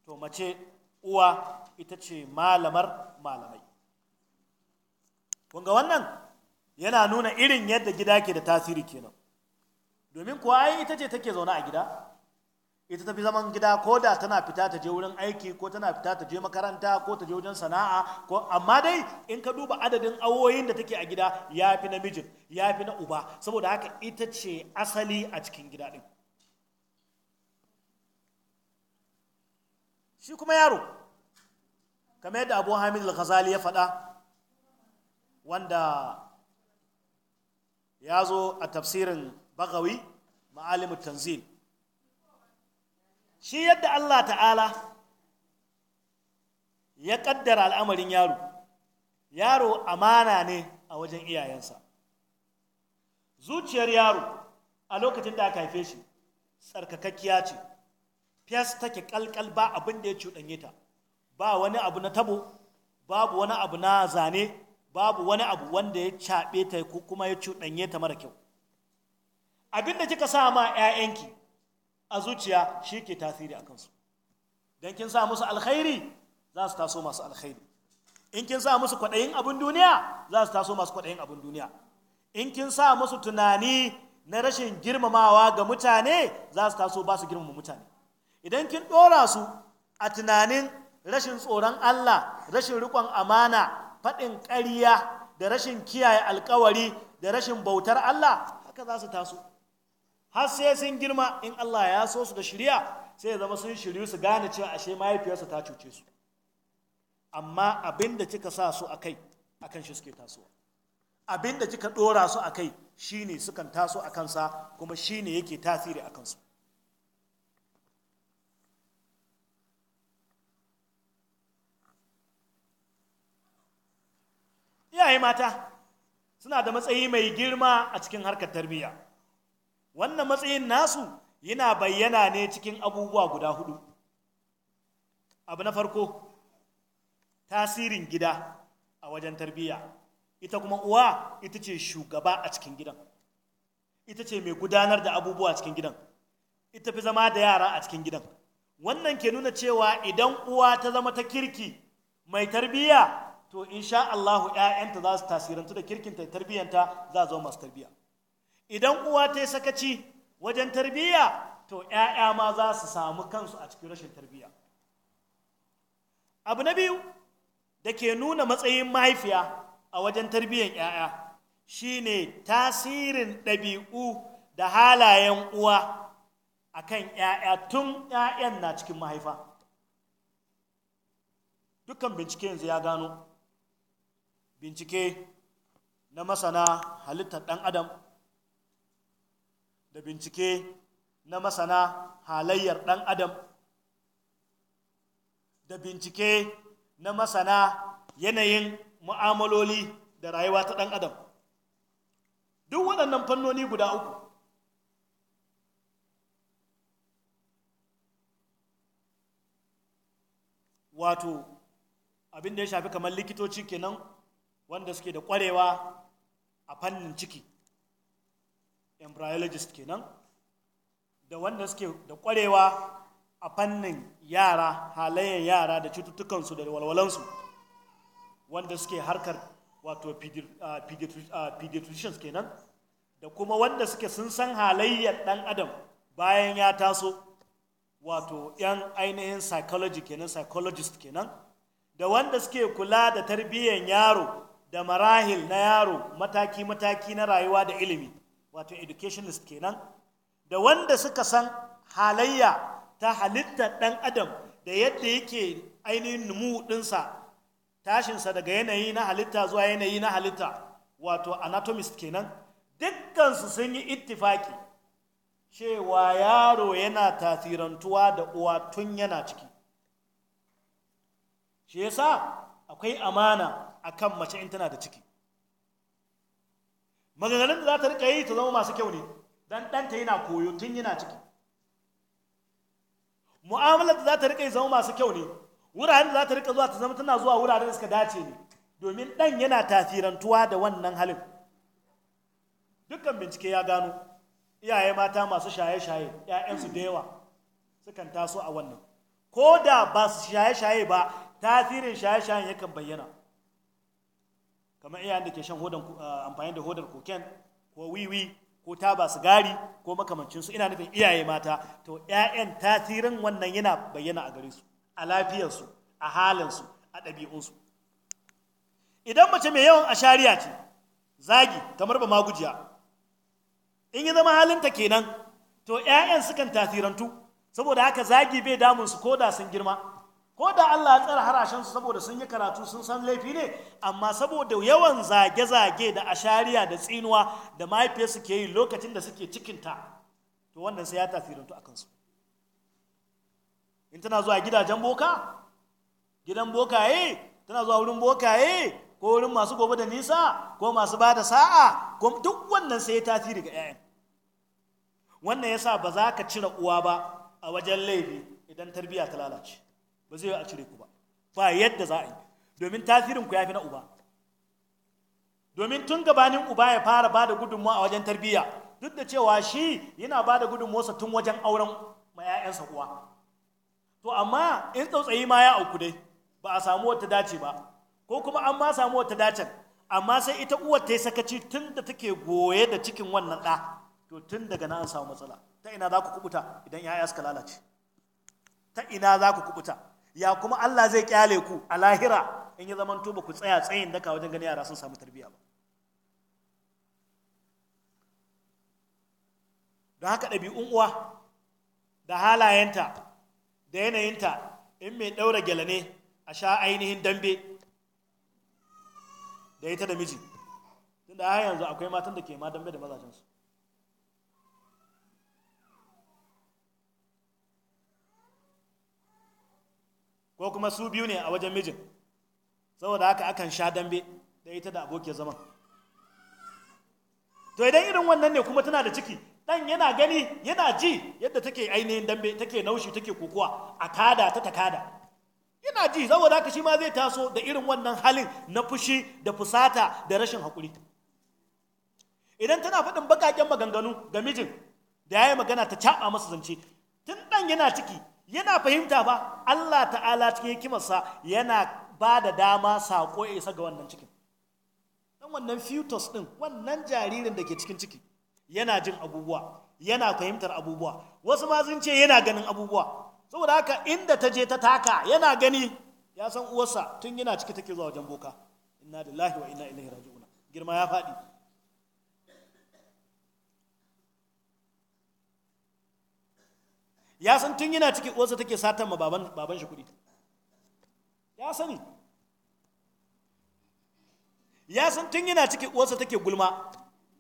to mace uwa ita ce malamar malamai kunga wannan yana nuna irin yadda gida ke da tasiri kenan domin kuwa ai ita ce take zaune a gida ita tafi zaman gida ko da tana fita ta je wurin aiki ko tana fita ta je makaranta ko ta je wajen sana'a ko amma dai in ka duba adadin awoyin da take a gida ya fi namijin ya fi na uba saboda haka ita ce asali a cikin gida din. shi kuma yaro kamar yadda abu hamid al-ghazali ya faɗa wanda ya zo a tafsirin bagawi ma'alimin tanzil shi yadda allah ta'ala ya ƙaddara al'amarin yaro yaro amana ne a wajen iyayensa zuciyar yaro a lokacin da aka haife shi tsarkakakkiya ce fes take kalkal ba abin da ya cuɗanye ta ba wani abu na tabo babu wani abu na zane babu wani abu wanda ya caɓe ta ko kuma ya cuɗanye ta mara kyau abin da kika sa ma ƴaƴanki a zuciya shi ke tasiri a kansu don kin sa musu alkhairi za su taso masu alkhairi in kin sa musu kwaɗayin abin duniya za su taso masu kwaɗayin abin duniya in kin sa musu tunani na rashin girmamawa ga mutane za su taso ba su girmama mutane idan kin ɗora su a tunanin rashin tsoron Allah rashin rikon amana faɗin ƙariya da rashin kiyaye alkawari da rashin bautar Allah haka za su taso har sai sun girma in Allah ya so su da shirya sai ya zama sun shiryu su gane cewa ashe mahaifiyarsa ta cuce su amma abin da kika sa su a akan shi suke tasowa abin da kika ɗora su akai shine sukan taso a kansa kuma shine yake tasiri a kansu iyaye mata suna da matsayi mai girma a cikin harkar tarbiyya wannan matsayin nasu yana bayyana ne cikin abubuwa guda hudu abu na farko tasirin gida a wajen tarbiyya ita kuma uwa ita ce shugaba a cikin gidan ita ce mai gudanar da abubuwa a cikin gidan ita fi zama da yara a cikin gidan wannan ke nuna cewa idan uwa ta zama ta kirki mai tarbiyya to insha Allahu 'ya'yanta za su tasirantu da kirkinta tarbiyyanta za zo masu tarbiya. idan uwa ta yi sakaci wajen tarbiyya to 'ya'ya ma za su samu kansu a cikin rashin tarbiyya abu na biyu da ke nuna matsayin mahaifiya a wajen tarbiyyar ƴaƴa ne tasirin ɗabi'u da halayen uwa a kan 'ya'ya tun 'ya'yan na cikin mahaifa dukkan bincike yanzu ya gano bincike na masana halittar ɗan adam da bincike na masana halayyar ɗan adam da bincike na masana yanayin mu'amaloli da rayuwa ta ɗan adam duk waɗannan fannoni guda uku wato abin da ya shafi kamar likitoci kenan wanda suke da ƙwarewa a fannin ciki embryologist kenan da wanda suke da ƙwarewa a fannin yara halayen yara da cututtukansu da walwalansu wanda suke harkar wato pediatricians kenan da kuma wanda suke sun san halayyar dan adam bayan ya taso wato 'yan ainihin psychology kenan psychologist kenan da wanda suke kula da tarbiyyar yaro da marahil na yaro mataki-mataki na rayuwa da ilimi wato educationist kenan da wanda suka san halayya ta halittar ɗan adam da yadda yake ainihin numu ɗinsa tashinsa daga yanayi na halitta zuwa yanayi na halitta wato anatomist kenan dukkansu sun yi ittifaki cewa yaro yana tasirantuwa da uwa tun yana ciki shi yasa akwai amana a kan mace in tana da ciki maganganun da za ta rika yi ta zama masu kyau ne don ɗanta yana koyo tun yana ciki mu'amalar da za ta rika yi zama masu kyau ne wuraren da za ta rika zuwa ta zama tana zuwa wuraren suka dace ne domin ɗan yana tafirantuwa da wannan halin dukkan bincike ya gano iyaye mata masu shaye-shaye 'ya'yansu da yawa sukan taso a wannan ko da ba su shaye-shaye ba tasirin shaye-shayen yakan bayyana kamar iya da ke shan ah, amfani da hodar koken ko wiwi ko taba sigari ko makamancinsu ina nufin iyaye mata to 'ya'yan tasirin wannan yana bayyana a gare su a lafiyarsu a halinsu a ɗabi'unsu idan mace mai yawan ashariya ce zagi kamar ba magujiya in yi zama halinta kenan to 'ya'yan sukan tasirantu saboda haka zagi bai damunsu ko da sun girma ko da Allah ya tsara harashen su saboda sun yi karatu sun san laifi ne amma saboda yawan zage-zage da ashariya da tsinuwa da mahaifiyarsu ke yi lokacin da suke cikinta to wannan sai ya tafirantu a kansu in tana zuwa gidajen boka gidan bokaye tana zuwa wurin bokaye ko wurin masu gobe da nisa ko masu ba da sa'a ko duk wannan sai ya tasiri ga 'ya'yan wannan yasa ba za ka cire uwa ba a wajen laifi idan tarbiyya ta lalace ba zai yi a cire ku ba ba yadda za a yi domin tasirin ku ya fi na uba domin tun gabanin uba ya fara ba da gudunmuwa a wajen tarbiyya duk da cewa shi yana ba da gudunmuwarsa tun wajen auren ma 'ya'yansa uwa to amma in tsautsayi ma ya auku dai ba a samu wata dace ba ko kuma an ma samu wata dacen amma sai ita uwar ta yi sakaci tun da take goye da cikin wannan ɗa to tun daga nan an samu matsala ta ina za ku kubuta idan 'ya'ya suka lalace ta ina za ku kubuta ya kuma Allah zai kyale ku a lahira in ya zamanto ba ku tsaya tsayin daka wajen gani yara sun samu tarbiyya ba don haka ɗabi'un uwa da halayenta da yanayinta in mai ɗaura gyale ne a sha ainihin dambe da ita da miji tunda har yanzu akwai matan da ke ma dambe da mazajensu ko kuma su biyu ne a wajen mijin saboda haka akan sha dambe da ita da abokin zaman to idan irin wannan ne kuma tana da ciki dan yana gani yana ji yadda take ainihin dambe take naushi take kokowa a kada ta takada yana ji saboda haka shi ma zai taso da irin wannan halin na fushi da fusata da rashin hakuri idan tana faɗin bakaƙen maganganu ga mijin da ya yi magana ta caɓa masa zance tun ɗan yana ciki yana fahimta ba Allah ta'ala cikin hikimarsa yana ba da dama saƙo ya isa ga wannan cikin don wannan fetus ɗin wannan jaririn da ke cikin ciki yana jin abubuwa yana fahimtar abubuwa wasu ma sun ce yana ganin abubuwa saboda haka inda ta je ta taka yana gani ya san uwarsa tun yana ciki take zuwa wajen boka inna lillahi wa inna ilaihi raji'un girma ya faɗi ya san tun yana cikin uwarsa take satan ma baban baban shi kuɗi ya sani ya san tun yana cikin uwarsa take gulma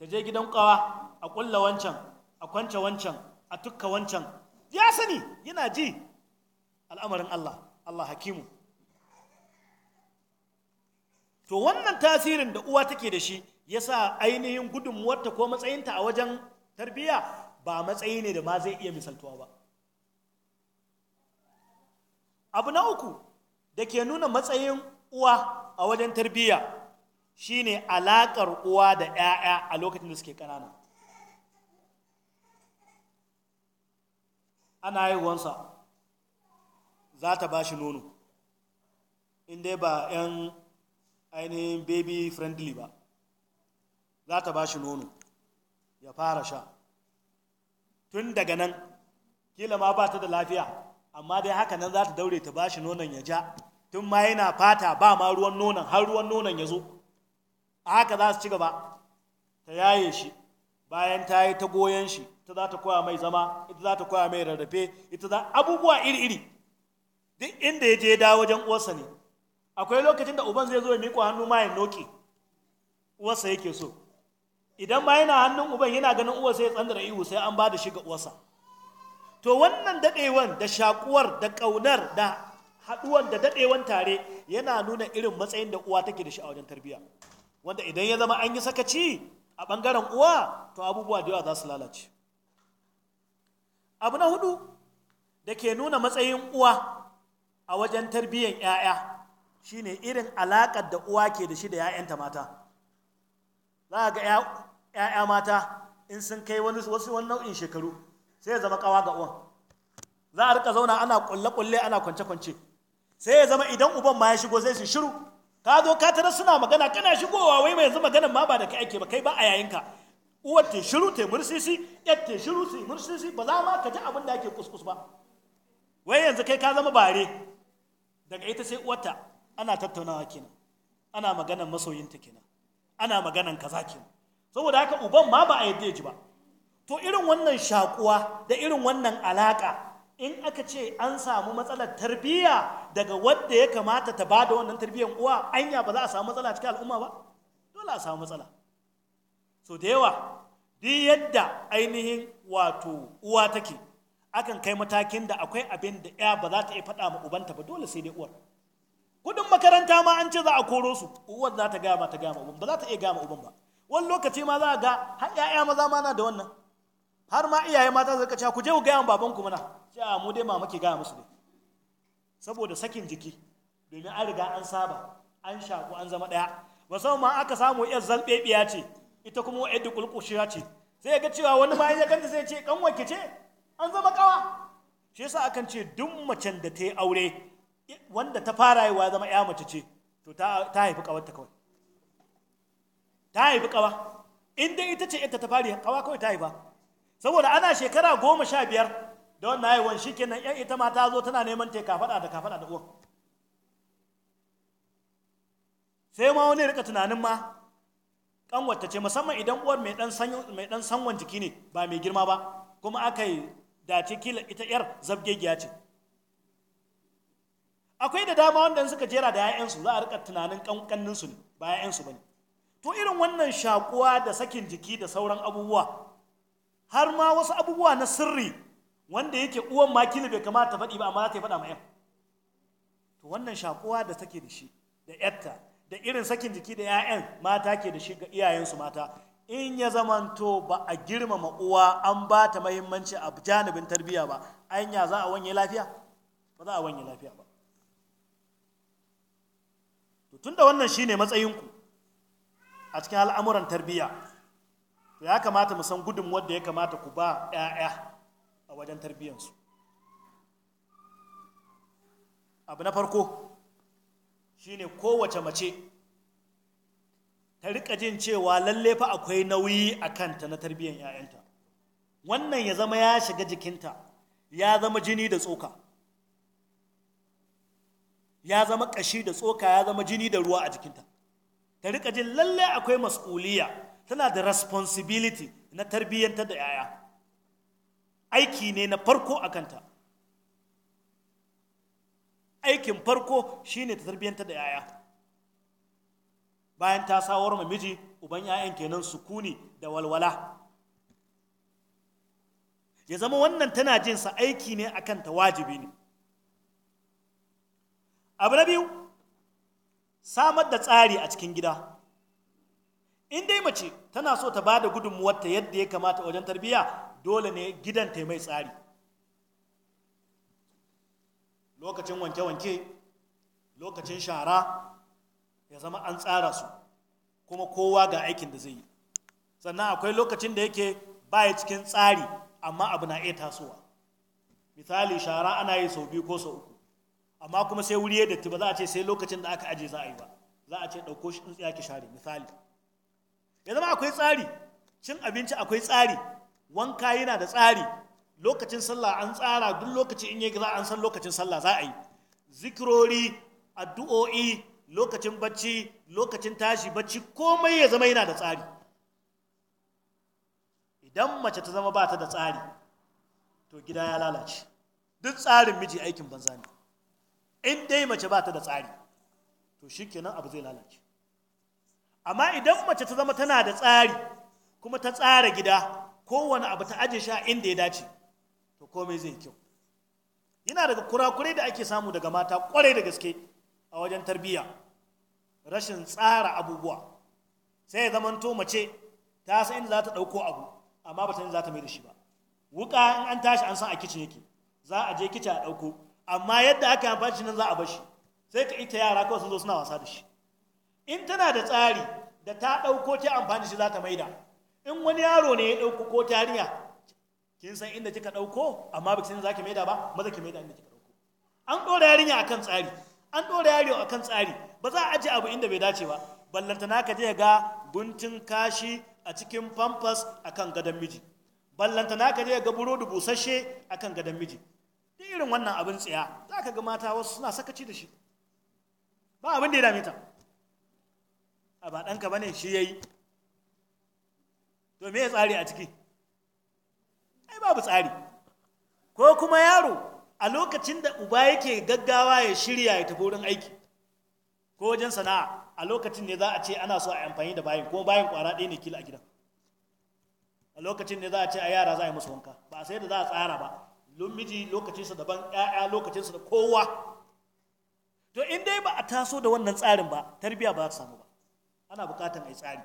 ta je gidan kawa a kulla wancan a kwance wancan a tukka wancan ya sani yana ji al'amarin Allah Allah hakimu to wannan tasirin da uwa take da shi ya sa ainihin gudunmuwarta ko matsayinta a wajen tarbiyya ba matsayi ne da ma zai iya misaltuwa ba abu na uku da ke nuna matsayin uwa a wajen tarbiyya shine alaƙar uwa da 'ya'ya a lokacin da suke ƙanana ana wansa za ta ba shi nono in ba 'yan ainihin baby friendly ba za ta ba shi nono ya fara sha tun daga nan kila ma ba ta da lafiya amma dai haka nan za ta daure ta bashi nonon ya ja tun ma yana fata ba ma ruwan nonon har ruwan nonon ya zo a haka za su ci gaba ta yaye shi bayan ta yi ta goyon shi ita za ta koya mai zama ita za ta koya mai rarrafe ita za abubuwa iri-iri duk inda ya je da wajen uwarsa ne akwai lokacin da uban zai zo ya miƙo hannu ma ya noke uwarsa yake so idan ma yana hannun uban yana ganin uwarsa ya tsandara ihu sai an ba da shi ga uwarsa to wannan daɗewan da shakuwar da ƙaunar da haɗuwan da daɗewan tare yana nuna irin matsayin da uwa take da shi a wajen tarbiyya wanda idan ya zama an yi sakaci a ɓangaren uwa to abubuwa da yawa za su lalace abu na hudu da ke nuna matsayin uwa a wajen tarbiyyan 'ya'ya shine irin alaƙar da uwa ke da shi da 'ya'yanta mata za ga 'ya'ya mata in sun kai wasu wani nau'in shekaru sai ya zama kawa ga uwan za a rika zauna ana kulle-kulle ana kwance-kwance sai ya zama idan uban ma ya shigo zai su shiru ka zo ka tara suna magana kana shigowa wai mai yanzu magana ma ba da kai ake ba kai ba a yayin ka uwar te shiru te mursisi yar te shiru su mursisi ba za ma ka ji abin da ake kuskus ba wai yanzu kai ka zama bare daga ita sai uwarta ana tattaunawa kenan ana maganan masoyinta kenan ana maganan kaza kenan saboda haka uban ma ba a yadda ya ji ba to irin wannan shakuwa da irin wannan alaka in aka ce an samu matsalar tarbiyya daga wadda ya kamata ta ba da wannan tarbiyyar uwa anya ba za a samu matsala cikin al'umma ba dole a samu matsala so da yawa duk yadda ainihin wato uwa take akan kai matakin da akwai abin da ya ba za ta iya faɗa ma ubanta ba dole sai dai uwar kudin makaranta ma an ce za a koro su uwar za ta gama ta gama uban ba za ta iya gama uban ba wani lokaci ma za a ga har 'ya'ya maza ma na da wannan har ma iyaye mata zai cewa ah, ku je ku gaya baban ku mana ce a ah, mu dai mama ke gaya musu ne saboda sakin jiki domin an riga an saba an shaku an zama ɗaya musamman aka samu yar biya ce ita kuma yar dukulkushiya ce sai ya ga cewa wani ma ya ganta sai ce kan wanke ce an zama kawa shi yasa akan ce duk macen da ta yi aure wanda ta fara yi zama ya mace ce to ta haifi kawarta kawai ta haifi kawa in dai ita ce ita ta fari kawa kawai ta haifa saboda ana shekara goma sha biyar da wannan haihuwan shi kenan yan ita ma ta zo tana neman ta kafaɗa da kafaɗa da uwan sai ma wani rika tunanin ma kanwata ce musamman idan uwar mai dan sanwan jiki ne ba mai girma ba kuma aka yi dace kila ita yar zabgegiya ce akwai da dama wanda suka jera da 'ya'yansu za a rika tunanin kannin ne ba 'ya'yansu ba ne to irin wannan shakuwa da sakin jiki da sauran abubuwa har ma wasu abubuwa na sirri wanda yake uwan makili bai kamata ta faɗi ba amma za ta faɗa ma yan to wannan shakuwa da take da shi da yatta da irin sakin jiki da 'ya'yan mata ke da shi ga iyayensu mata in ya zamanto ba a girmama uwa an ba ta mahimmanci a janibin tarbiyya ba anya za a wanye lafiya ba za a wanye lafiya ba to tunda wannan shine matsayinku a cikin al'amuran tarbiyya ya kamata mu san gudun wadda ya kamata ku ba 'ya'ya a wajen tarbiyyansu abu na farko shine kowace mace ta rika jin cewa lalle fa akwai nauyi a kanta na tarbiyyar 'ya'yanta wannan ya zama ya shiga jikinta ya zama jini da tsoka ya zama ƙashi da tsoka ya zama jini da ruwa a jikinta ta rika jin lalle akwai masuliyya tana da responsibility na tarbiyyanta da yaya aiki ne na farko a kanta aikin farko shine ta tarbiyyanta da yaya bayan ta sawar miji uban yayan kenan sukuni da walwala ya zama wannan tana jinsa aiki ne a kanta wajibi ne abu na biyu samar da tsari a cikin gida in dai mace tana so ta bada ta yadda ya kamata wajen tarbiyya dole ne gidan ta mai tsari lokacin wanke-wanke lokacin shara ya zama an tsara su kuma kowa ga aikin da zai yi sannan akwai lokacin da yake baya cikin tsari amma abu na iya tasowa misali shara ana yi sau biyu ko sau uku amma kuma sai wuri ya datti ba za a ce sai lokacin da aka aje za a yi ba za a ce ɗauko shi tsintsiya ki share misali zama akwai tsari cin abinci akwai tsari wanka yana da tsari lokacin sallah an tsara duk lokacin in yi za an san lokacin sallah za a yi zikirori addu'o'i lokacin bacci lokacin tashi bacci komai ya zama yana da tsari idan mace ta zama ba ta da tsari to gida ya lalace duk tsarin miji aikin banza ne in dai mace ba ta da tsari to shikenan abu zai lalace amma idan mace ta zama tana da tsari kuma ta tsara gida kowane abu ta aje shi inda ya dace to komai zai kyau yana daga kurakurai da ake samu daga mata kwarai da gaske a wajen tarbiyya rashin tsara abubuwa sai ya zamanto mace ta san inda za ta ɗauko abu amma ba ta yi za ta mai da shi ba wuka in an tashi an san a kicin yake za a je kicin a ɗauko amma yadda aka yi amfani nan za a bar shi sai ka ita yara kawai sun zo suna wasa da shi in tana da tsari da ta ɗauko ta amfani shi za ta maida in wani yaro ne ya ɗauko ko tariya kin san inda kika ɗauko amma ba san za ki maida ba maza ki maida inda kika ɗauko an ɗora yarinya akan tsari an ɗora yaro akan tsari ba za a aje abu inda bai dace ba na ka je ga guntun kashi a cikin pampas akan gadon miji na ka je ga burodi busasshe akan gadon miji duk irin wannan abin tsaya za ka ga mata wasu suna sakaci da shi ba abin da ya dame ta a ba ɗanka ba ne shi ya yi to me ya tsari a ciki ai babu tsari ko kuma yaro a lokacin da uba yake gaggawa ya shirya ya tafi wurin aiki ko wajen sana'a a lokacin ne za a ce ana so a amfani da bayan ko bayan kwara ɗaya ne kila a gidan a lokacin ne za a ce a yara za a yi musu wanka ba a sai da za a tsara ba miji lokacinsa daban ƴaƴa lokacinsa da kowa to in dai ba a taso da wannan tsarin ba tarbiya ba za ta samu ba ana bukatan a yi tsari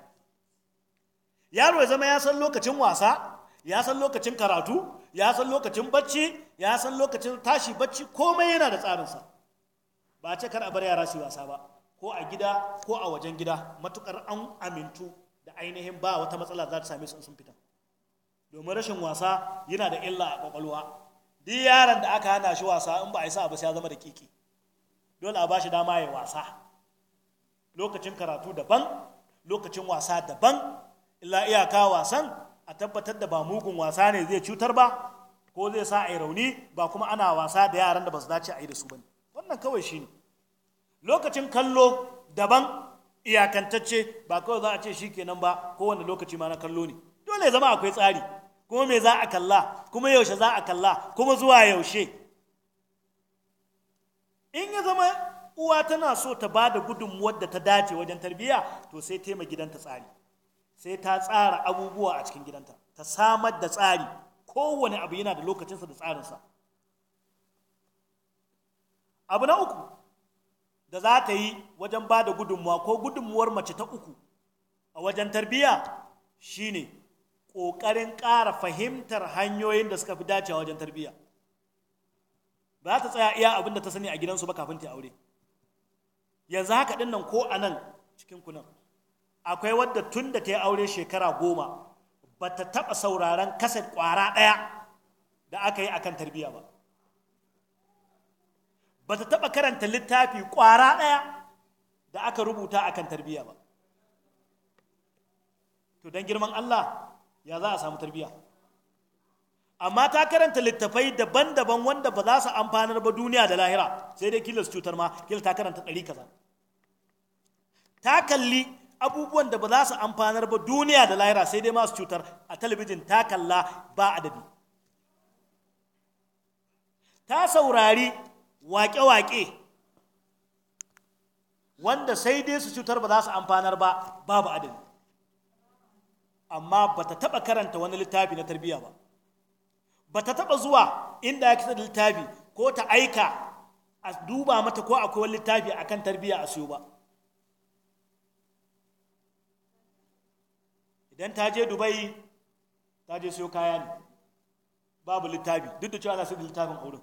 yaro ya zama ya san lokacin wasa ya san lokacin karatu ya san lokacin bacci ya san lokacin tashi bacci komai yana da tsarinsa ba a ce kar a bar yara su wasa ba ko a gida ko a wajen gida matukar an amintu da ainihin ba wata matsala za ta same su sun fita domin rashin wasa yana da illa a kwakwalwa duk yaron da aka hana shi wasa in ba a yi sa ba sai ya zama da kiki dole a ba shi dama ya wasa lokacin karatu daban lokacin wasa daban illa iyaka wasan a tabbatar da ba mugun wasa ne zai cutar ba ko zai sa a yi rauni ba kuma ana wasa da yaran da ba su dace a yi da su ba ne wannan kawai shi ne lokacin kallo daban iyakantacce ba kawai za a ce shi kenan ba kowane lokaci ma na kallo ne dole zama akwai tsari kuma me za a kalla kuma yaushe za a kalla kuma zuwa yaushe in ya zama uwa tana so ta ba da gudunmuwar da ta dace wajen tarbiyya to sai ta gidanta tsari sai ta tsara abubuwa a cikin gidanta ta samar da tsari kowane abu yana da lokacinsa da tsarinsa abu na uku da za ta yi wajen ba da gudunmuwa ko gudunmuwar mace ta uku a wajen tarbiyya shi ne ƙoƙarin ƙara fahimtar hanyoyin da suka fi dace a wajen tarbiyya ba ta tsaya iya abin da ta sani a gidansu ba kafin ta aure yanzu haka ɗin nan ko a nan cikin kunan akwai wadda tun da ta yi aure shekara goma ba ta taɓa sauraron kaset ƙwara ɗaya da aka yi a kan tarbiyya ba ba ta taɓa karanta littafi ƙwara ɗaya da aka rubuta a kan tarbiyya ba to don girman Allah ya za a samu tarbiyya amma ta karanta littafai daban-daban wanda ba za su amfanar ba duniya da lahira sai dai kilas cutar ma kila ta karanta ɗari kaza ta kalli abubuwan da ba za su amfanar ba duniya da lahira sai dai masu cutar a talabijin ta kalla ba adadi ta saurari waƙe-waƙe wanda sai dai su cutar ba za su amfanar ba babu adadi amma ba ta taɓa karanta wani littafi na tarbiyya ba ba ta taɓa zuwa inda ya kisa littafi ko ta aika a duba mata ko akwai littafi akan tarbiyya a siyo ba idan ta je dubai ta je siyo kaya ne babu littafi duk da cewa ana da littafin aurin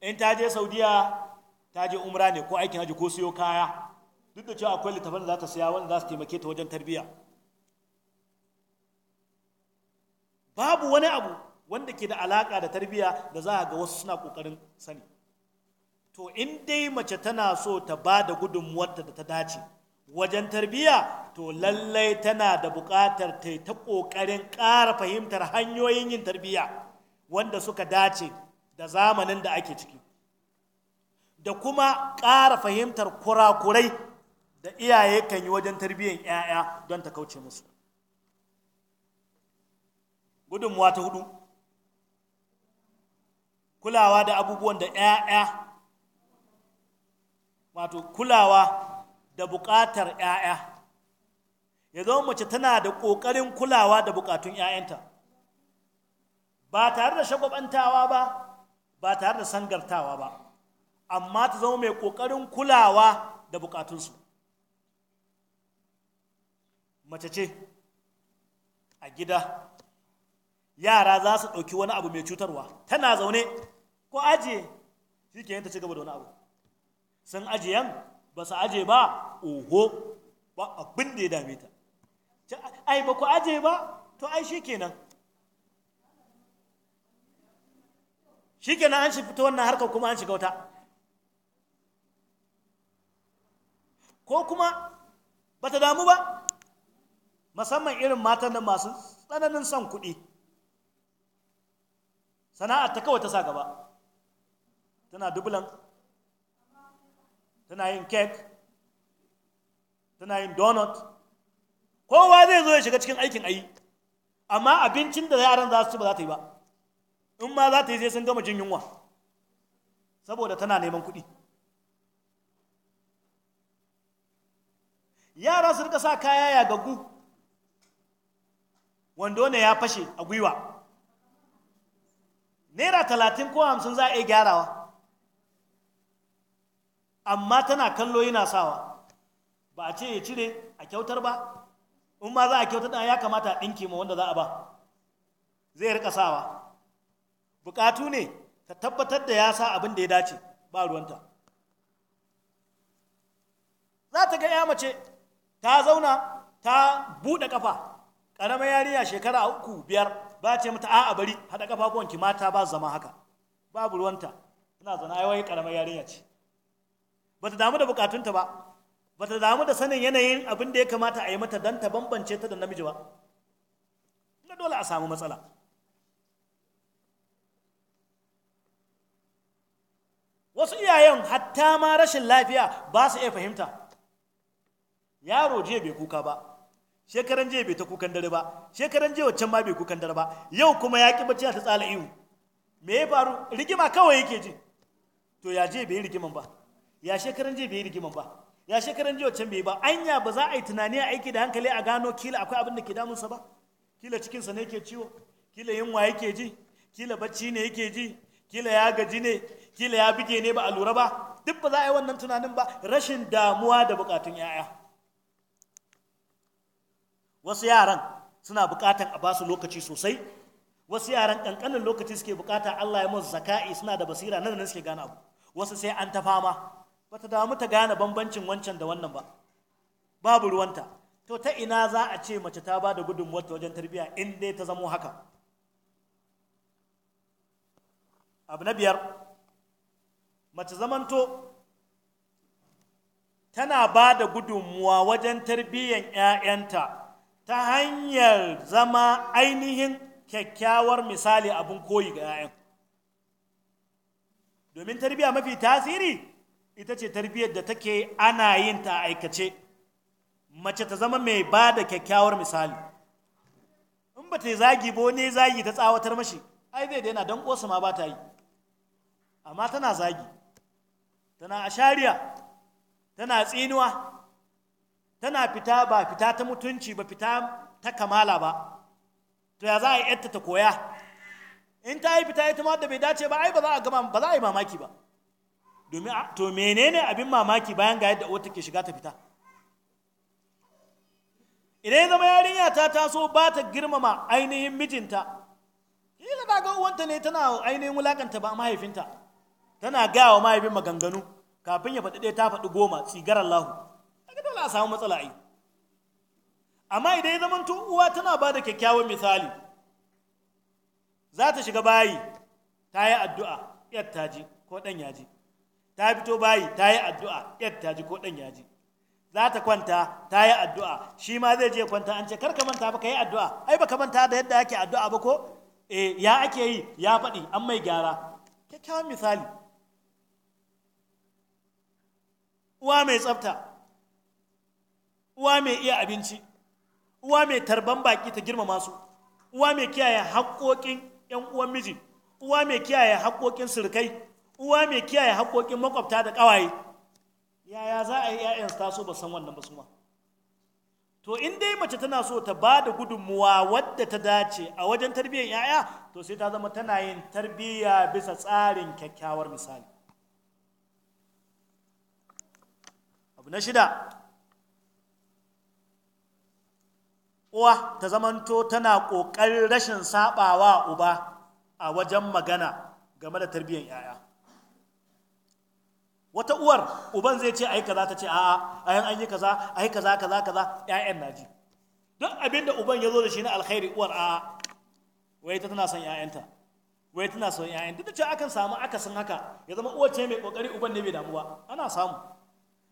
in ta je saudiya ta je umra ne ko aikin haji ko siyo kaya duk da cewa akwai littafin da za ta siya wanda za su taimake ta wajen tarbiyya babu wani abu wanda ke da alaka da tarbiyya da za a ga wasu suna kokarin sani to in dai mace tana so ta ba da gudunmuwarta da ta dace wajen tarbiyya to lallai tana da buƙatar ta ta ƙoƙarin ƙara fahimtar hanyoyin yin tarbiyya wanda suka dace da zamanin da ake ciki da kuma ƙara fahimtar kurakurai da iyaye kan yi wajen tarbiyyar 'ya'ya don ta kauce musu gudunmuwa ta hudu kulawa da abubuwan da 'ya'ya wato kulawa da buƙatar 'ya'ya ya zama mace tana da ƙoƙarin kulawa da buƙatun 'ya'yanta ba tare da shagwabantawa ba ba tare da sangartawa ba amma ta zama mai ƙoƙarin kulawa da buƙatunsu mace ce a gida yara za su ɗauki wani abu mai cutarwa tana zaune ko aje shi ke ta ci gaba da wani abu sun ajiyan ba su aje ba oho ba abin da ya dame ta ai ba ku aje ba to ai shi kenan shi kenan an shi fito wannan harka kuma an shiga wata ko kuma ba ta damu ba musamman irin matan da masu tsananin son kuɗi sana'a ta kawai ta sa gaba tana dubulan tana yin kek tana yin donut kowa zai zo ya shiga cikin aikin ayi amma abincin da yaran za su ci ba za ta yi ba in ma za ta yi sai sun gama jin yunwa saboda tana neman kuɗi yara su rika sa kaya ya gagu wando ne ya fashe a gwiwa naira talatin ko hamsin za a iya gyarawa amma tana kallo yana sawa ba a ce ya cire a kyautar ba in ma za a kyauta ɗaya ya kamata a ɗinke ma wanda za a ba zai rika sawa bukatu ne ka tabbatar da ya sa abin da ya dace ba ruwanta za ta ga ya mace ta zauna ta buɗe ƙafa ƙaramar yarinya shekara uku biyar ba ce mata a bari haɗa kafafuwanki mata ba zama haka babu ruwanta ina zana ai ƙaramar yarinya ce ba ta damu da bukatunta ba ba ta damu da sanin yanayin abin da ya kamata a yi mata don ta bambance ta da namiji ba na dole a samu matsala wasu iyayen hatta ma rashin lafiya ba su iya fahimta yaro jiya bai kuka ba shekaran jiya bai ta kukan dare ba shekaran jiya waccan ma bai kukan dare ba yau kuma ya ƙi bacci ta tsala ihu me ya faru rigima kawai yake ji to ya jiya bai rigiman ba ya shekaran jiya bai rigiman ba ya shekaran jiya can bai ba anya ba za a yi tunani a aiki da hankali a gano kila akwai abin da ke damunsa ba kila cikinsa ne ke ciwo kila yunwa yake ji kila bacci ne yake ji kila ya gaji ne kila ya bige ne ba a lura ba duk ba za a yi wannan tunanin ba rashin damuwa da bukatun 'ya'ya wasu yaran suna bukatan a basu lokaci sosai wasu yaran kankanin lokaci suke bukata Allah ya musu zaka'i suna da basira nan da suke gane abu wasu sai an ta fama ba ta damu ta gane bambancin wancan da wannan ba babu ruwanta to ta ina za a ce mace ta ba da gudunmuwar ta wajen tarbiyya in dai ta zamo haka abu na biyar mace zamanto tana ba da gudunmuwa wajen tarbiyyan 'ya'yanta ta hanyar zama ainihin kyakkyawar misali abin koyi ga 'ya'yan domin tarbiya mafi tasiri ita ce tarbiyyar da take ana yin ta aikace mace ta zama mai ba da kyakkyawar misali in ba ta yi zagi ba wani zagi ta tsawatar mashi ai zai daina don ƙosa ma ba ta yi amma tana zagi tana ashariya tana tsinuwa tana fita ba fita ta mutunci ba fita ta kamala ba to ya za a yi ta koya in ta yi fita ita ma da bai dace ba ai ba za a gama ba za a yi mamaki ba domin to menene abin mamaki bayan ga yadda wata ke shiga ta fita idan ya zama yarinya ta taso ba ta girmama ainihin mijinta kila na ga uwanta ne tana ainihin wulakanta ba mahaifinta tana gaya wa mahaifin maganganu kafin ya faɗi ɗaya ta faɗi goma tsigar Allahu kaga dole a samu matsala ai amma idan ya zamanto uwa tana ba da kyakkyawan misali za ta shiga bayi ta yi addu'a yar ta ji ko ɗan ya ji ta fito bayi ta yi addu'a yar ta ji ko ɗan ya ji za ta kwanta ta yi addu'a shi ma zai je kwanta an ce kar ka manta ba ka yi addu'a ai ba ka manta da yadda ake addu'a ba ko eh, ya ake yi ya faɗi an mai gyara kyakkyawan misali uwa mai tsafta uwa mai iya abinci uwa mai tarban baki ta girmama su uwa mai kiyaye haƙoƙin 'yan uwan miji uwa mai kiyaye haƙoƙin surukai. uwa mai kiyaye haƙoƙin makwabta da ƙawaye yaya za a yi 'ya'yan ta taso ba san wannan ba su to in dai mace tana so ta ba da gudunmuwa wadda ta dace a wajen tarbiyyar 'ya'ya to sai ta zama tana yin tarbiyya bisa tsarin kyakkyawar misali abu na shida uwa ta zamanto tana ƙoƙarin rashin saɓawa uba a wajen magana game da tarbiyyar 'ya'ya wata uwar uban zai ce ai kaza ta ce a'a ayan an yi kaza ai kaza kaza kaza ƴaƴan na ji duk abin uban ya zo da shi na alkhairi uwar a'a wai ta tana son ƴaƴanta wai tana son ƴaƴan duk da cewa akan samu akasin haka ya zama uwar ce mai kokari uban ne bai damu ba ana samu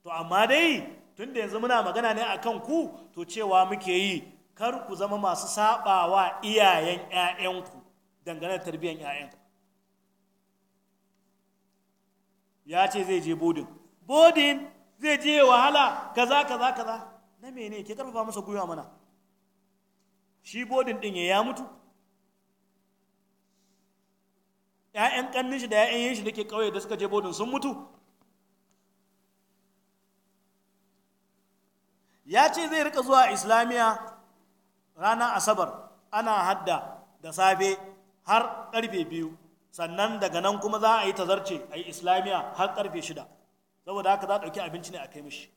to amma dai tunda yanzu muna magana ne akan ku to cewa muke yi kar ku zama masu sabawa iyayen ƴaƴanku dangane da tarbiyyar ƴaƴanku ya ce zai je bodin bodin zai je wahala kaza kaza kaza na mene ke karfafa masa gwiwa mana shi bodin din ya mutu ‘ya'yan kannin shi da ‘ya'yan yin shi da ke ƙauye da suka je bodin sun mutu ya ce zai rika zuwa islamiyya ranar asabar ana hadda da safe har karfe biyu sannan daga nan kuma za a yi tazarce a yi islamiya har karfe shida saboda haka za a ɗauki abinci ne a kai mishi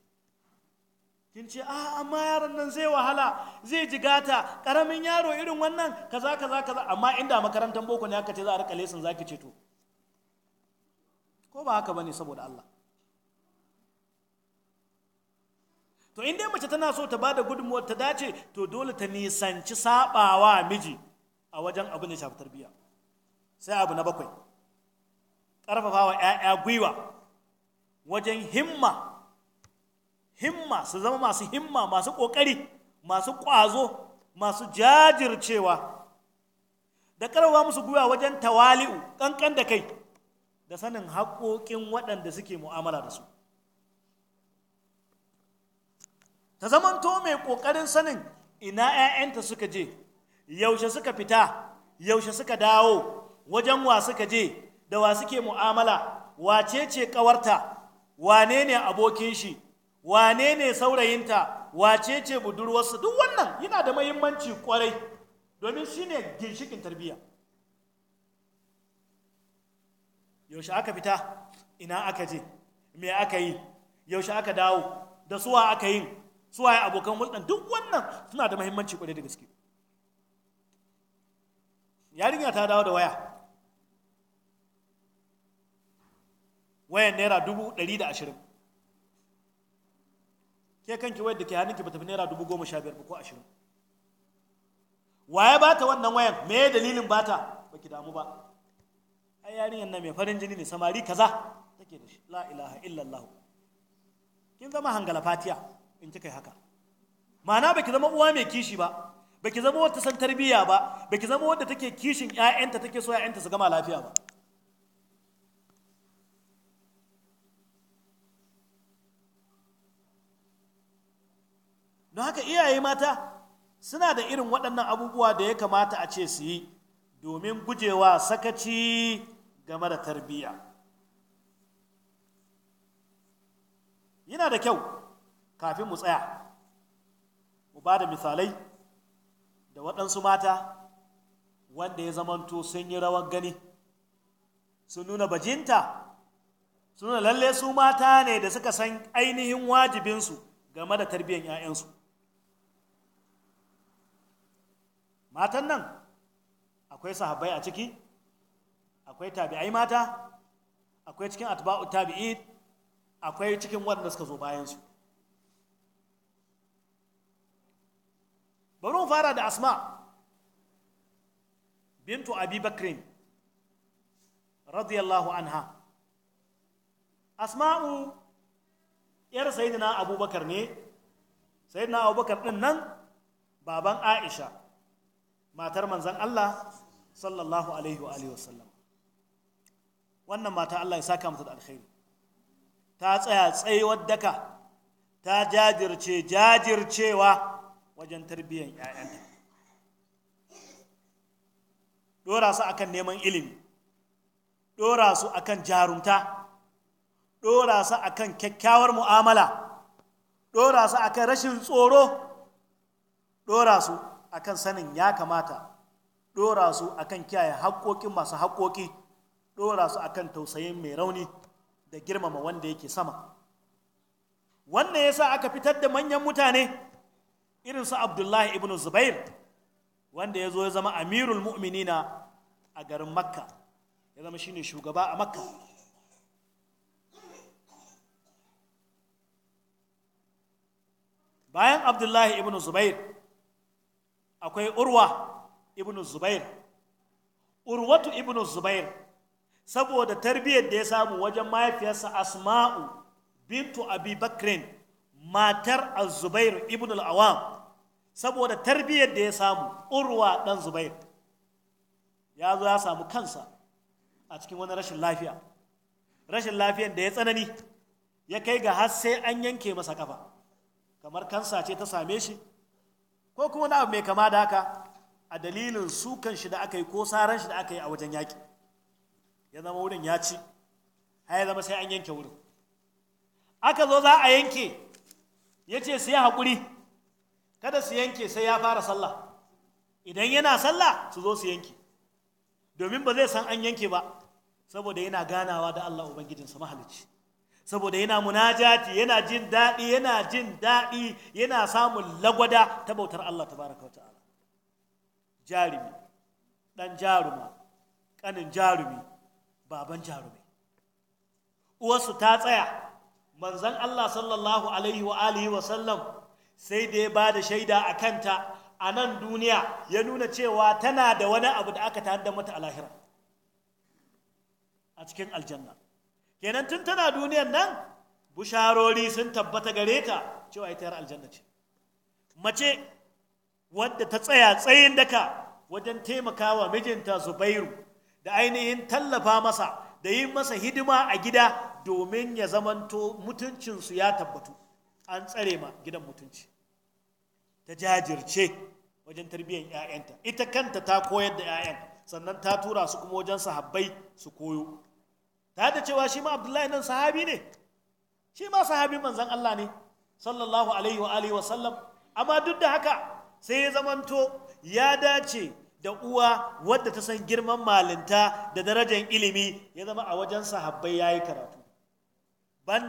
kin ce a ah, amma yaron nan zai wahala zai jigata karamin yaro irin wannan kaza kaza kaza amma inda makarantar boko ne aka ce za a rika lesin zaki ce to ko ba haka bane saboda Allah to in dai mace tana so ta bada gudunmuwar ta dace to dole ta nisanci sabawa miji a wajen abin da shafi tarbiyya sai abu na bakwai ƙarfafa wa 'ya'ya gwiwa wajen himma himma su zama masu himma masu ƙoƙari masu ƙwazo masu jajircewa da ƙarfafa musu gwiwa wajen tawali'u ƙanƙan da kai da sanin haƙoƙin waɗanda suke mu'amala da su ta zamanto mai ƙoƙarin sanin ina 'ya'yanta suka je yaushe suka fita yaushe suka dawo wajen wa suka je da wa suke mu'amala wace ce kawarta wane ne abokin shi wane ne saurayinta wace ce budurwarsa duk wannan yana da mahimmanci kwarai domin shi ne ginshikin tarbiyya yaushe aka fita ina aka je me aka yi yaushe aka dawo da suwa aka yin suwa ya abokan hulɗan duk wannan suna da mahimmanci kwarai da gaske yarinya ta dawo da waya wayan naira dubu ɗari da ashirin ke kanki wayar da ke hannunki ba tafi naira dubu goma sha biyar ko ashirin waye ba wannan wayan me dalilin ba ta ba ki damu ba ai yarinyar nan mai farin jini ne samari kaza take da shi la ilaha illallah kin zama hangala fatiya in kika yi haka ma'ana baki zama uwa mai kishi ba baki zama wata san tarbiyya ba baki zama wadda take kishin ƴaƴanta take so ƴaƴanta su gama lafiya ba don haka iyaye mata suna da irin waɗannan abubuwa da ya kamata a ce su yi domin gujewa sakaci game da tarbiyya yana da kyau kafin mu tsaya mu ba da misalai da waɗansu mata wanda ya zamanto sun yi rawar gani sun nuna bajinta sun nuna lalle su mata ne da suka san ainihin wajibinsu game da tarbiyyar 'ya'yansu matan nan akwai sahabbai a ciki akwai tabi'ai mata akwai cikin atba'u tabi'i akwai cikin waɗanda suka zo bayansu bari mu fara da asma bintu abi bakrin radiyallahu anha asma'u yar sayidina abubakar ne sayidina abubakar din nan baban aisha matar manzan Allah sallallahu alaihi wa wasallam wannan mata Allah ya saka mata da alkhairi ta tsaya tsayuwar daka ta jajirce jajircewa wajen tarbiyyar 'ya'yanta dora su akan neman ilimi dora su akan jarumta dora su akan kyakkyawar mu'amala dora su akan rashin tsoro dora su akan sanin ya kamata ɗora su akan kiyaye haƙoƙin masu haƙoƙi ɗora su akan tausayin mai rauni da girmama wanda yake sama wannan yasa aka fitar da manyan mutane irin su abdullahi ibn zubair wanda ya zo ya zama amirul mu'minina a garin makka ya zama shine shugaba a makka bayan abdullahi ibn zubair akwai urwa ibn zubair urwatu ibn zubair saboda tarbiyyar da ya samu wajen mahaifiyarsa asma'u bintu abi matar al zubair ibn al-awam saboda tarbiyyar da ya samu urwa dan zubair ya zo ya samu kansa a cikin wani rashin lafiya rashin lafiyar da ya tsanani ya kai ga har sai an yanke masa kafa kamar kansa ce ta same shi ko kuma wani abu mai kama da haka a dalilin sukan shi da aka yi ko saran shi da aka yi a wajen yaƙi ya zama wurin ya ci har ya zama sai an yanke wurin aka zo za a yanke ya ce su yi haƙuri kada su yanke sai ya fara sallah idan yana sallah su zo su yanke domin ba zai san an yanke ba saboda yana ganawa da Allah Ubangijinsa mahalicci saboda yana munajati yana jin daɗi yana jin daɗi yana samun lagwada ta bautar Allah tabaraka wa ta'ala jarumi ɗan jaruma ƙanin jarumi baban jarumi uwarsu ta tsaya manzon Allah sallallahu alaihi wa alihi wa sallam sai da ya ba da shaida a kanta a nan duniya ya nuna cewa tana da wani abu da aka tare mata a lahira a cikin aljanna kenan tun tana duniyan nan busharori sun tabbata gare ta cewa ita yar aljanna ce mace wadda ta tsaya tsayin daka wajen taimakawa mijinta zubairu da ainihin tallafa masa da yin masa hidima a gida domin ya zamanto mutuncinsu ya tabbatu an tsare ma gidan mutunci ta jajirce wajen tarbiyyar 'ya'yanta ita kanta ta koyar da 'ya'yan sannan ta tura su kuma wajen sahabbai su koyo ta da cewa shi ma abdullahi nan sahabi ne shi ma sahabi manzan Allah ne sallallahu alaihi wa alihi wa sallam amma duk da haka sai ya zamanto ya dace da uwa wadda ta san girman malinta da darajar ilimi ya zama a wajen sahabbai ya yi karatu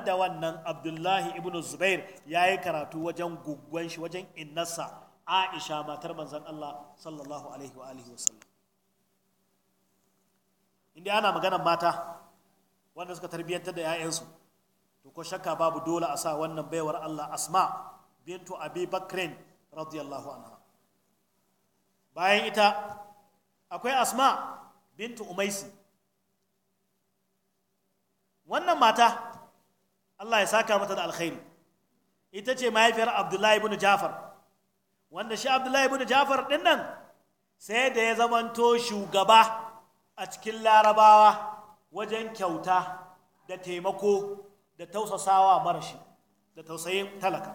da wannan abdullahi ibn zubair ya yi karatu wajen guggon shi wajen innarsa aisha matar manzan allah sallallahu alaihi wa alihi sallam inda ana maganar mata wanda suka tarbiyyantar da 'ya'yansu to ko shakka babu dole a sa wannan baiwar Allah asma bintu abi bakrin radiyallahu anha bayan ita akwai asma bintu umaisi wannan mata Allah ya saka mata da alkhairi ita ce mahaifiyar abdullahi ibn jafar wanda shi abdullahi ibn jafar ɗin nan sai da ya zamanto shugaba a cikin larabawa wajen kyauta da taimako da tausasawa marashi da tausayin talaka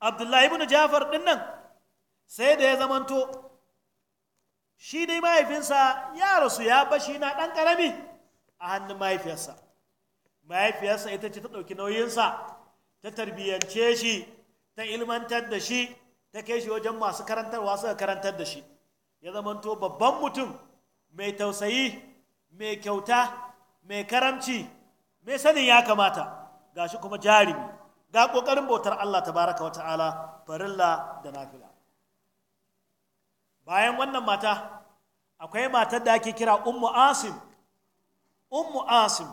abdullahi ibn jafar din nan sai da ya zamanto shi dai mahaifinsa ya rasu ya bashi na ɗan ƙarami a hannun mahaifiyarsa mahaifiyarsa ita ce ta ɗauki nauyinsa ta tarbiyyance shi ta ilmantar da shi ta kai shi wajen masu karantarwa suka karantar da shi ya zamanto babban mutum mai tausayi mai kyauta mai karamci mai sanin ya kamata ga shi kuma jarimi ga ƙoƙarin bautar Allah tabaraka wa ta'ala farilla da nafila bayan wannan mata akwai matar da ake kira ummu asim ummu asim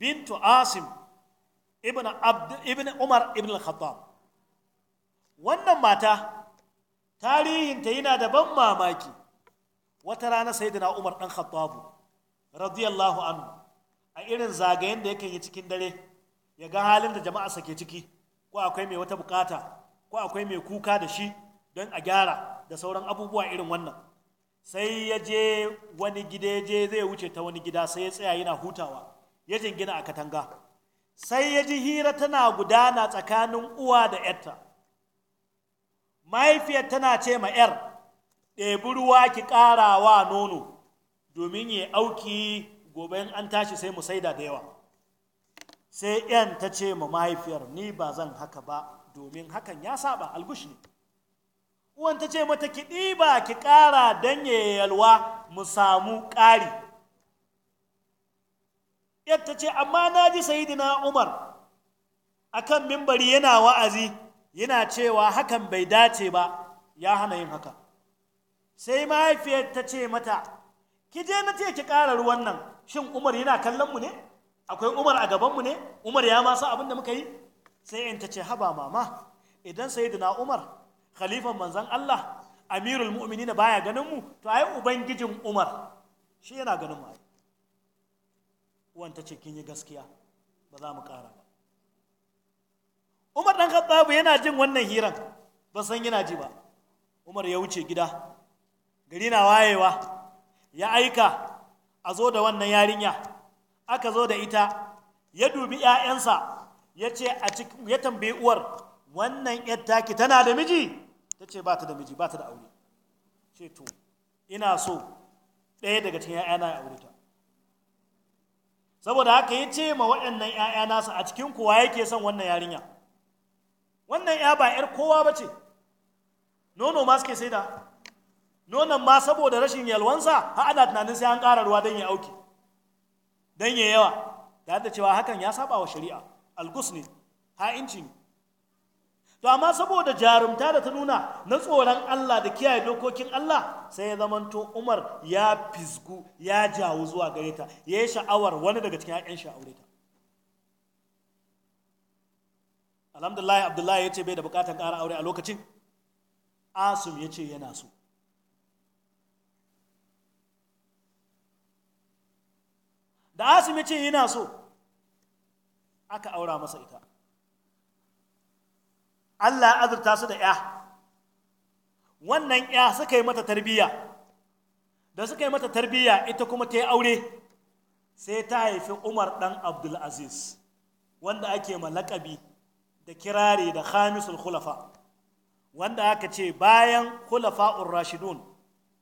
bintu asim ibn, Abd, ibn umar ibn al-khattab wannan mata tarihinta yana da ban mamaki wata rana sai da Umar ɗan khattabu radiyallahu anhu a irin zagayen da yake yi cikin dare ya ga halin da jama'a sake ciki ko akwai mai wata bukata ko akwai mai kuka da shi don a gyara da sauran abubuwa irin wannan sai ya je wani gida je zai wuce ta wani gida sai ya tsaya yana hutawa ya jingina a katanga sai ya ji hira tana gudana tsakanin uwa da yarta mahaifiyar tana ce ma yar ɗebi ruwa ki ƙara wa nono domin ya auki gobe an tashi sai mu saida da yawa sai yan ta ce ma mahaifiyar ni ba zan haka ba domin hakan ya saba algush ne uwan ta ce mata ki ɗiba ki ƙara don yalwa mu samu ƙari yadda ta ce amma na ji sayidina umar akan mimbari yana wa'azi yana cewa hakan bai dace ba ya hana yin haka sai mahaifiyar ta ce mata ki je na ce ki ƙara ruwan nan shin umar yana kallon mu ne akwai umar a gaban mu ne umar ya masa abin da muka yi sai in ta ce haba mama idan sayyidina umar khalifan manzon Allah amirul na baya ganin mu to ai ubangijin umar shi yana ganin mu uwan ta ce kin yi gaskiya ba za mu ƙara ba umar dan khattabu yana jin wannan hiran ba san yana ji ba umar ya wuce gida gari na wayewa ya aika a zo da wannan yarinya aka zo da ita ya dubi 'ya'yansa ya ce a cikin ya tambayi uwar wannan 'yar taki tana da miji ta ce ba ta da miji ba ta da aure ce to ina so ɗaya daga cikin 'ya'yana ya aure ta saboda haka ya ce ma waɗannan 'ya'ya nasa a cikin kowa yake son wannan yarinya wannan 'ya ba 'yar kowa ba ce nono ma suke sai da nonon ma saboda rashin yalwansa har ana tunanin sai an ƙara ruwa don ya auki don ya yawa Da da cewa hakan ya saba wa shari'a algus ne ha'inci ne to amma saboda jarumta da ta nuna na tsoron Allah da kiyaye dokokin Allah sai ya zamanto Umar ya fizgu, ya jawo zuwa gare ta ya sha'awar wani daga cikin ƴaƴan shi aure ta alhamdulillah abdullahi ya ce bai da bukatan ƙara aure a lokacin asum ya ce yana so da asibiti ce yana so aka aura masa ita Allah azurta su da ya wannan ya suka yi mata tarbiyya da suka yi mata tarbiyya ita kuma ta yi aure sai ta haifi umar dan abdulaziz wanda ake malakabi da kirare da khamisul khulafa wanda aka ce bayan khulafa'ur rashidun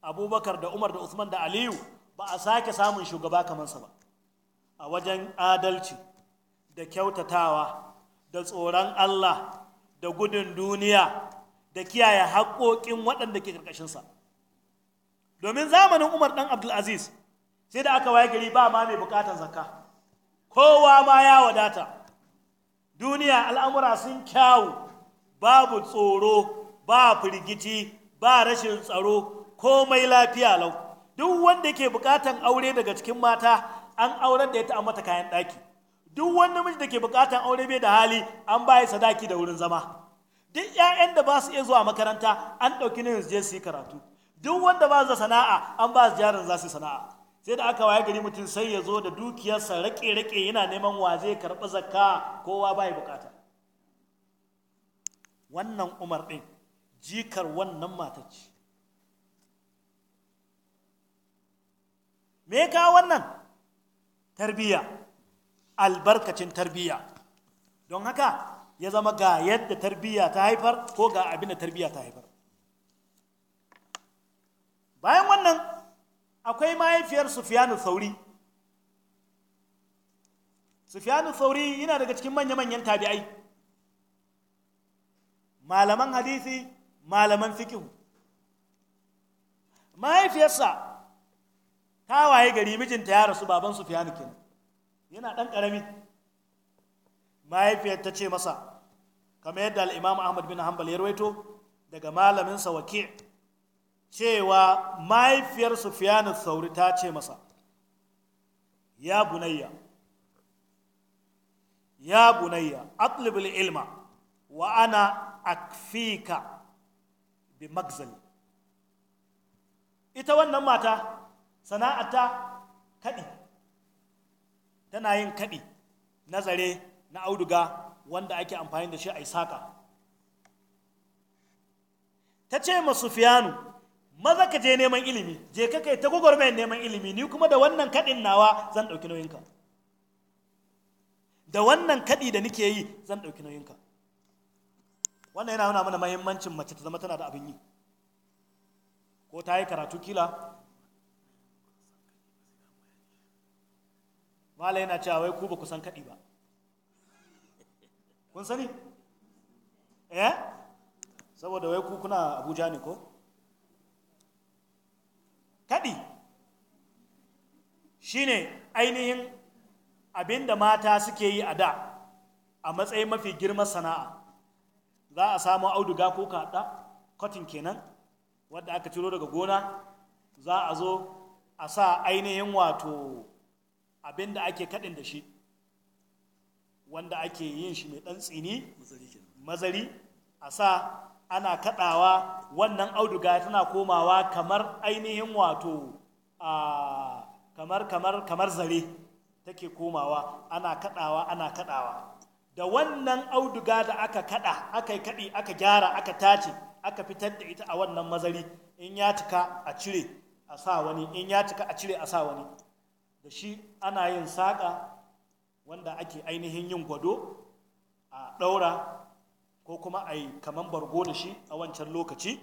abubakar da umar da usman da aliyu ba a sake samun shugaba kamansa ba a wajen adalci da kyautatawa da tsoron Allah da gudun duniya da kiyaye haƙoƙin waɗanda ke ƙarƙashinsa domin zamanin umar ɗan abdulaziz sai da aka waye gari ba ma mai buƙatar zakka kowa ma ya wadata duniya al'amura sun kyawu babu tsoro ba firgici ba rashin tsaro komai lafiya lau duk wanda ke buƙatan aure daga cikin mata an auren da ya ta'a mata kayan ɗaki duk wani namiji da ke bukatan aure bai da hali an baya sadaki da wurin zama duk 'ya'yan da ba su iya zuwa makaranta an ɗauki ne su je su yi karatu duk wanda ba su sana'a an ba su jarin za su sana'a sai da aka waye gari mutum sai ya zo da dukiyarsa rake-rake yana neman wa zai karɓi zakka kowa bai bukata wannan umar ɗin jikar wannan matacci me ka wannan tarbiya albarkacin tarbiya don haka ya zama ga yadda tarbiya ta haifar ko ga abin da tarbiya ta haifar bayan wannan akwai mahaifiyar sufiyanu sauri sufiyanu sauri yana daga cikin manya-manyan tabi'ai malaman hadisi malaman fikihu mahaifiyarsa ta waye gari mijinta ya rasu baban Sufyan kenan yana dan karami mahaifiyar ta ce masa kamar yadda al-Imam Ahmad bin Hanbal ya rawaito daga malamin sa Waki' cewa mahaifiyar Sufyan sauri ta ce masa ya bunayya ya bunayya atlib ilma wa ana akfika bi magzali ita wannan mata sana'ata kaɗi tana yin kaɗi na zare na auduga wanda ake amfani da shi a isaka ta ce ma sufiyanu maza ka je neman ilimi je ka kai ta gwagwarmayar neman ilimi ni kuma da wannan kaɗin nawa zan ɗauki nauyinka da wannan kaɗi da nike yi zan ɗauki nauyinka wannan yana nuna mana mahimmancin mace ta zama tana da abin yi ko ta yi karatu kila mala yana cewa wai ku ba ku san kaɗi ba kun sani eh saboda wai ku kuna abuja ne ko kaɗi shine ainihin abin da mata suke yi a da a matsayin mafi girman sana'a za a samu auduga ko kaɗa cotton kenan wadda aka ciro daga gona za a zo a sa ainihin wato abin da ake kaɗin da shi wanda ake yin shi mai ɗan tsini mazari a sa ana kaɗawa wannan auduga tana komawa kamar ainihin wato a kamar kamar kamar zare take komawa ana kaɗawa ana kaɗawa da wannan auduga da aka kaɗa aka yi kaɗi aka gyara aka tace aka fitar da ita a wannan mazari in ya cika a cire a sa wani in ya cika a cire a sa wani da shi ana yin saƙa wanda ake ainihin yin gwado a ɗaura ko kuma a yi kaman bargo da shi a wancan lokaci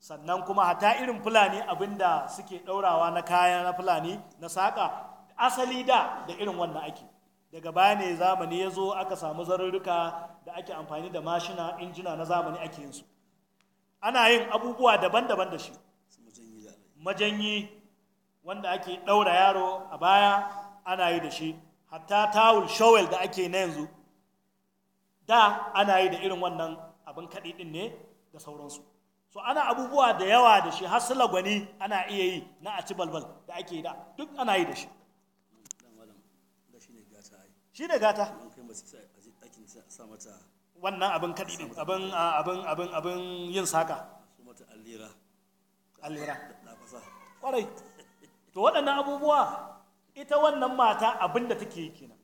sannan kuma hata irin fulani abinda suke ɗaurawa na kaya na fulani na saƙa asali da da irin wannan ake daga baya ne zamani ya zo aka samu zarurruka da ake amfani da mashina injina na zamani ake yin su ana yin abubuwa daban-daban da shi majanyi wanda ake ɗaura yaro a baya ana yi da shi hatta tawul shawel da ake na yanzu da ana yi da irin wannan abin kaɗi ɗin ne da sauransu so ana abubuwa da yawa da shi har gwani ana iya yi na a ci balbal da ake yi da duk ana yi da shi shi ne gata wannan abin kaɗi ɗin abin abin abin abin yin saka Kwarai. ƙwarai to waɗannan abubuwa ita wannan mata abin da take yi kenan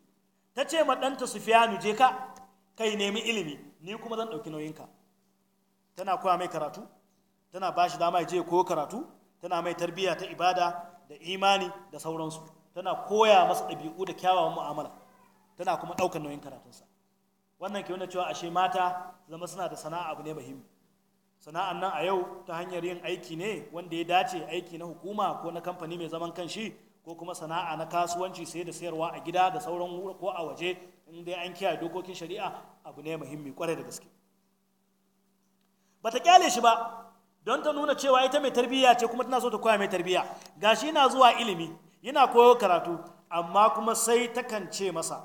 ta ce ma ɗanta su sufiyanu je ka kai nemi ilimi ni kuma zan ɗauki nauyinka tana koya mai karatu tana ba shi dama je koyo karatu tana mai tarbiyya ta ibada da imani da sauransu tana koya masa ɗabi'u da kyawawan mu'amala tana kuma ɗaukar nauyin karatunsa wannan ke wanda cewa ashe mata zama suna da sana'a abu ne muhimmi sana'an nan a yau ta hanyar yin aiki ne wanda ya dace aiki na hukuma ko na kamfani mai zaman kanshi ko kuma sana'a na kasuwanci sai da sayarwa a gida da sauran ko a waje in dai an kiyaye dokokin shari'a abu ne muhimmi kwarai da gaske bata kyale shi ba don ta nuna cewa ita mai tarbiyya ce kuma tana so ta koya mai tarbiyya gashi yana zuwa ilimi yana koyo karatu amma kuma sai takan ce masa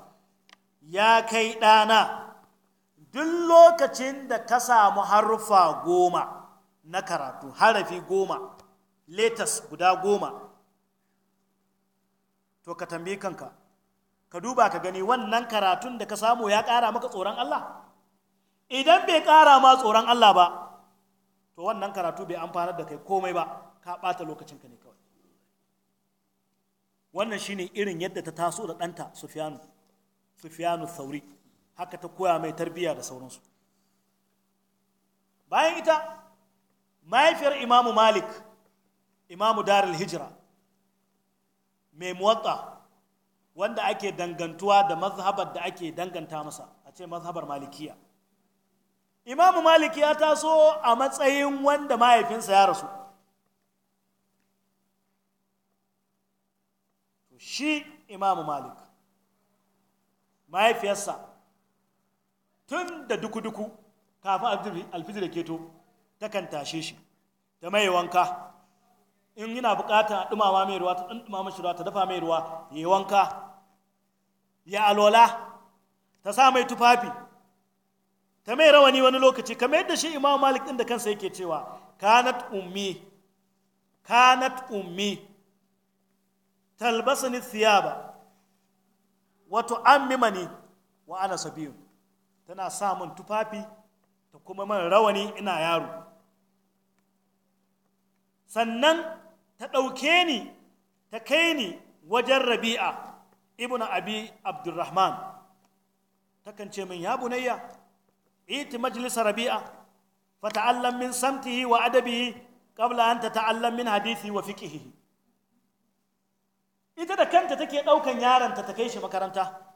ya kai ɗana duk lokacin da ka samu harufa goma na karatu harafi goma latest guda goma to ka tambayi kanka ka duba ka gani wannan karatun da ka samu ya ƙara maka tsoron Allah idan bai ƙara ma tsoron Allah ba to wannan karatu bai amfana da kai komai ba ka lokacin lokacinka ne kawai wannan shine irin yadda ta taso da ɗanta sufyanu sufyanu sauri haka ta koya mai tarbiyya da sauransu bayan ita mahaifiyar imamu malik imamu darul hijira mai muwatta wanda ake dangantuwa da mazhabar da ake danganta masa a ce mazhabar malikiya imamu malik ya taso a matsayin wanda mahaifinsa ya rasu shi imamu malik mahaifiyarsa tun da duku-duku kafin da keto ta takan tashe shi ta mai wanka in yana bukata a dumawa mai ruwa ta ɗan ɗumama shi ruwa ta dafa mai ruwa ya yi wanka ya alola ta sa mai tufafi ta mai rawani wani lokaci kamar yadda shi imam malik ɗin da kansa yake cewa kanat ummi kanat ummi talbasani thiyaba wato an mimani wa ana sabiyun tana sa min tufafi ta kuma man rawani ina yaro sannan ta ɗauke ni ta kai ni wajen rabi'a ibn abi abdurrahman takan ce min ya bunayya iti Majlisar rabi'a fata'allam min samtihi wa adabihi qabla an tata'allam min hadithi wa fiqihi ita da kanta take ɗaukan yaronta ta kai shi makaranta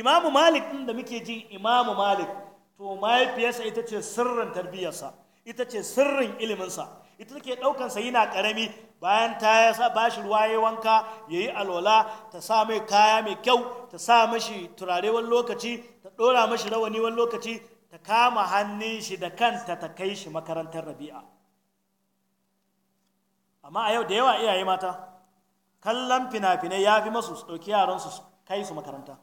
imamu malik ɗin da muke jin imamu malik to mahaifiyarsa ita ce sirrin tarbiyyarsa ita ce sirrin iliminsa ita take ɗaukansa yana ƙarami bayan ta ya ba shi ruwa ya wanka ya yi alwala ta sa mai kaya mai kyau ta sa mashi turare wani lokaci ta ɗora mashi rawani wani lokaci ta kama hannun shi da kanta ta kai shi makarantar rabi'a amma a yau da yawa iyaye mata kallon fina-finai ya fi masu su ɗauki yaransu kai su makaranta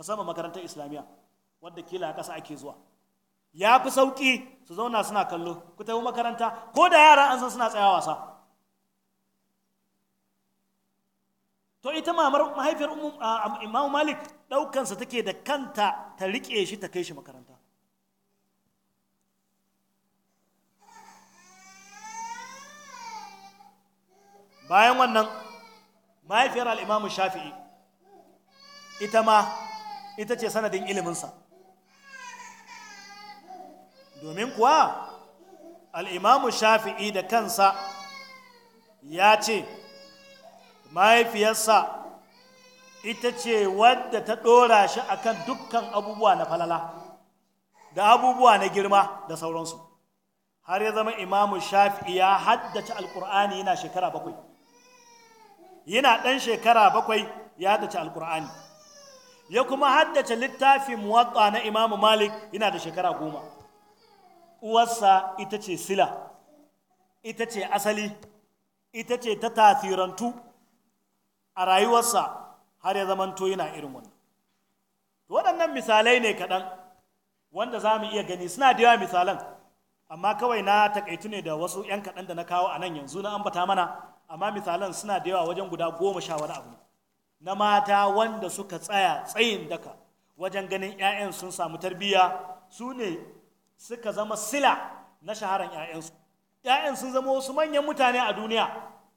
musamman makarantar islamiyya wadda kila a ƙasa ake zuwa ya fi sauƙi su zauna suna kallo ku tafi makaranta ko da yara an san suna tsaya wasa to ita mamar mahaifiyar Imam malik ɗaukansa take da kanta ta riƙe shi ta kai shi makaranta bayan wannan mahaifiyar al'imamu shafi'i ita ma ita ce sanadin iliminsa domin kuwa al'imamu shafi'i da kansa ya ce mahaifiyarsa ita ce wadda ta ɗora shi akan dukkan abubuwa na falala da abubuwa na girma da sauransu har ya zama imamu shafi'i ya haddace alkur'ani yana shekara bakwai yana ɗan shekara bakwai ya haddace alkur'ani ya kuma haddace littafin muwatta na imamu malik yana da shekara goma uwarsa ita ce sila ita ce asali ita ce ta tasirantu a rayuwarsa har ya zamanto yana irin wannan waɗannan misalai ne kaɗan wanda za mu iya gani suna da yawa misalan amma kawai na takaitu ne da wasu 'yan kaɗan da na kawo a nan yanzu na ambata mana amma misalan suna da yawa wajen guda goma sha wani abu na mata wanda suka tsaya tsayin daka wajen ganin 'ya'yan sun samu tarbiyya su ne suka zama sila na shaharan 'ya'yansu 'ya'yan sun zama wasu manyan mutane a duniya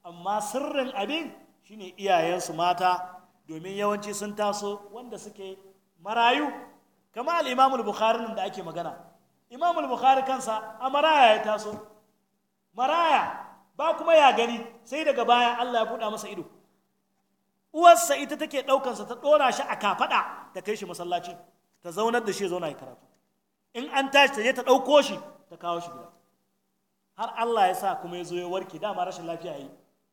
amma sirrin abin shine iyayensu mata domin yawanci sun taso wanda suke marayu kama al'imamul bukhari da ake magana imamul bukhari kansa a maraya ya taso maraya ba kuma ya gani sai daga baya allah ya buɗa masa ido uwarsa ita take ɗaukansa ta ɗora shi a kafaɗa ta kai shi masallaci ta zaunar da shi zauna ya karatu in an tashi ta je ta ɗauko shi ta kawo shi gida har Allah ya sa kuma ya zo ya warke dama rashin lafiya yi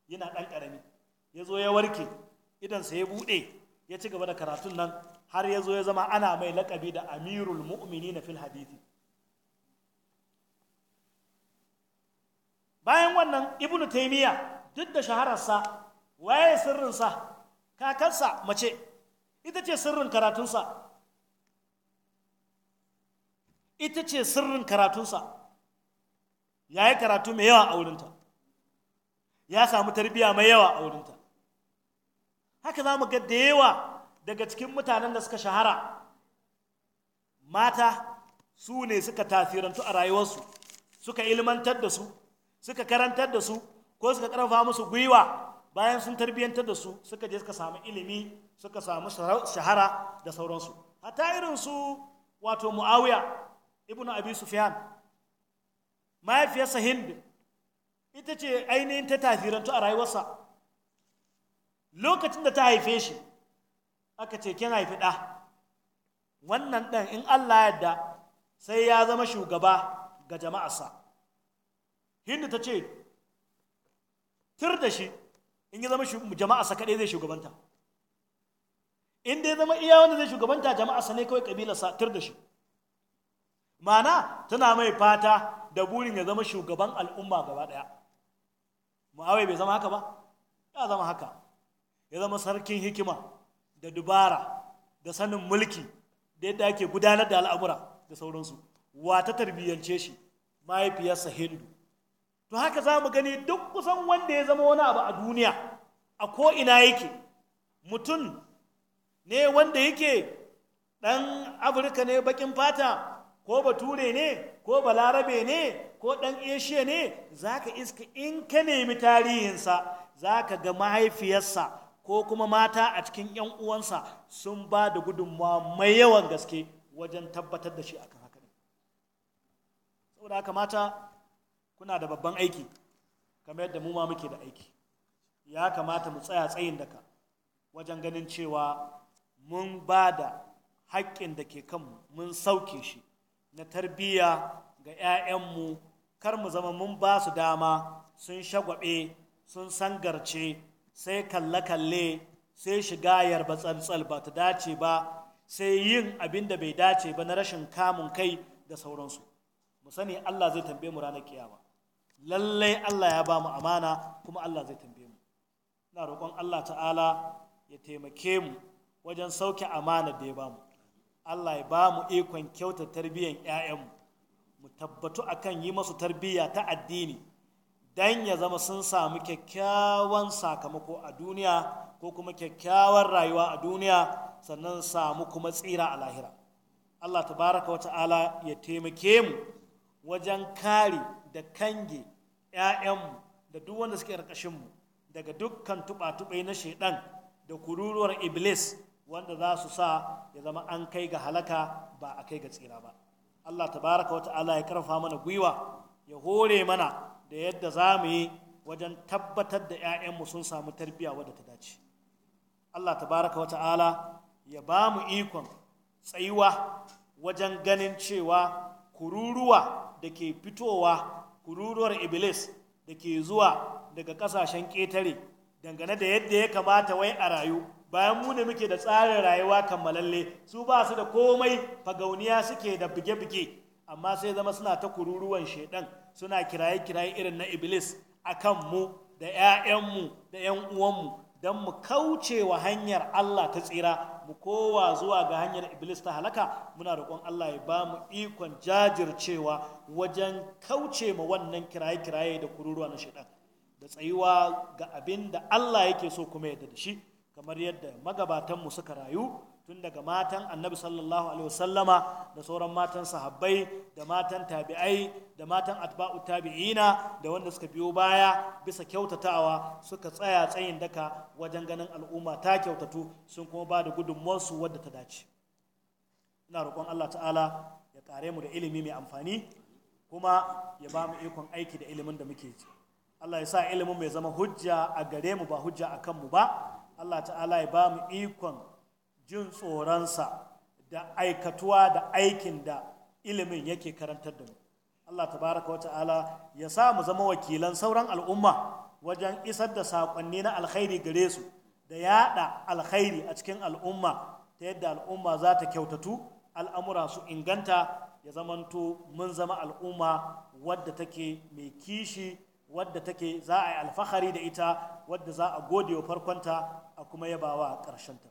yana ɗan ƙarami ya zo ya warke idansa ya buɗe ya ci gaba da karatun nan har ya zo ya zama ana mai laƙabi da amirul mu'mini na fil hadithi bayan wannan ibnu taimiya duk da shahararsa waye sirrinsa kakarsa mace ita ce sirrin karatunsa ita ce sirrin karatunsa ya yi karatu mai yawa a wurinta ya samu tarbiya mai yawa a wurinta haka za mu ga da yawa daga cikin mutanen da suka shahara mata su ne suka tasirantu a rayuwarsu suka ilmantar da su suka karantar da su ko suka ƙarfafa musu gwiwa bayan sun tarbiyyantar da su suka je suka samu ilimi suka samu shahara da sauransu Hata irin su wato muawiya ibn abi sufyan mahaifiyarsa hind ita ce ainihin ta tafirantu a rayuwarsa lokacin da ta haife shi aka ce kin haifi ɗa wannan ɗan in allah yadda sai ya zama shugaba ga jama'arsa hindu ta ce tur da shi in ya zama jama'a sa kaɗai zai shugabanta in dai zama iya wanda zai shugabanta jama'a sa ne kawai ƙabila sa tur da shi mana tana mai fata da burin ya zama shugaban al'umma gaba ɗaya mu'awai bai zama haka ba ya zama haka ya zama sarkin hikima da dubara da sanin mulki da yadda ake gudanar da al'amura da sauransu wata tarbiyyance shi mahaifiyarsa hindu to haka za mu gani duk kusan wanda ya zama wani abu a duniya a ko ina yake mutum ne wanda yake ɗan afirka ne bakin fata ko bature ne ko balarabe ne ko ɗan eshiya ne za ka iska in ka nemi tarihinsa za ka ga mahaifiyarsa ko kuma mata a cikin 'yan uwansa sun ba da gudunmawa mai yawan gaske wajen tabbatar da shi akan haka ne saboda haka mata kuna da babban aiki kamar yadda mu ma muke da aiki ya kamata mu tsaya tsayin daka wajen ganin cewa mun ba da haƙƙin da ke kanmu mun sauke shi na tarbiyya ga 'ya'yanmu kar mu zama mun ba su dama sun shagwabe sun sangarce sai kalle-kalle sai shiga yarba tsantsal ba ta dace ba sai yin abin da bai dace ba na rashin kamun kai da sauransu mu sani Allah zai tambaye mu ranar kiyama lallai Allah ya ba mu amana kuma Allah zai tambaye mu ina roƙon Allah ta'ala ya taimake mu wajen sauke amana da ya ba mu Allah ya ba mu ikon kyauta tarbiyyar ƴaƴanmu mu tabbatu akan yi masu tarbiyya ta addini dan ya zama sun samu kyakkyawan sakamako a duniya ko kuma kyakkyawar rayuwa a duniya sannan samu kuma tsira a lahira Allah tabaraka wa ta'ala ya taimake mu wajen kare da kange ‘ya'yanmu da duk wanda suke ƙarƙashinmu daga dukkan tuɓa-tuɓai na shaiɗan da kururuwar iblis wanda za su sa ya zama an kai ga halaka ba a kai ga tsira ba Allah tabaraka wa ta'ala ya karfa mana gwiwa ya hore mana da yadda za mu yi wajen tabbatar da 'ya'yanmu sun samu tarbiyya wadda ta dace Allah tabaraka wa ta'ala ya ba mu ikon tsayuwa wajen ganin cewa kururuwa da ke fitowa kururuwar iblis da ke zuwa daga kasashen ketare dangane da yadda ya kamata wai a rayu bayan mu ne muke da tsarin rayuwa kammalalle su ba su da komai fagauniya suke da buge-buge amma sai zama suna ta kururuwan shaidan suna kiraye-kiraye irin na iblis a kan mu da 'ya'yanmu da 'yan uwanmu don mu kauce wa hanyar allah ta tsira mu kowa zuwa ga hanyar iblis ta halaka muna roƙon Allah ya ba mu ikon jajircewa wajen kauce ma wannan kiraye-kiraye da kururuwa na shaidan da tsayuwa ga abin da Allah yake so kuma yadda da shi kamar yadda magabatanmu suka rayu tun daga matan annabi sallallahu alaihi wasallama da sauran matan sahabbai da matan tabi'ai da matan atba'u tabi'ina da wanda suka biyo baya bisa kyautatawa suka tsaya tsayin daka wajen ganin al'umma ta kyautatu sun kuma ba da gudunmuwarsu wadda ta dace ina roƙon Allah ta'ala ya kare mu da ilimi mai amfani kuma ya ba mu ikon aiki da ilimin da muke ji Allah ya sa ilimin mai zama hujja a gare mu ba hujja a mu ba Allah ta'ala ya ba mu ikon jin tsoronsa da aikatuwa da aikin da ilimin yake karantar da mu Allah tabaraka wata'ala ya sa mu zama wakilan sauran al'umma wajen isar da saƙonni na alkhairi gare su da yaɗa alkhairi a cikin al'umma ta yadda al'umma za ta kyautatu al'amura su inganta ya zamanto mun zama al'umma wadda take mai kishi wadda take za a yi alfahari da ita wadda za a gode wa farkonta a kuma yabawa ƙarshenta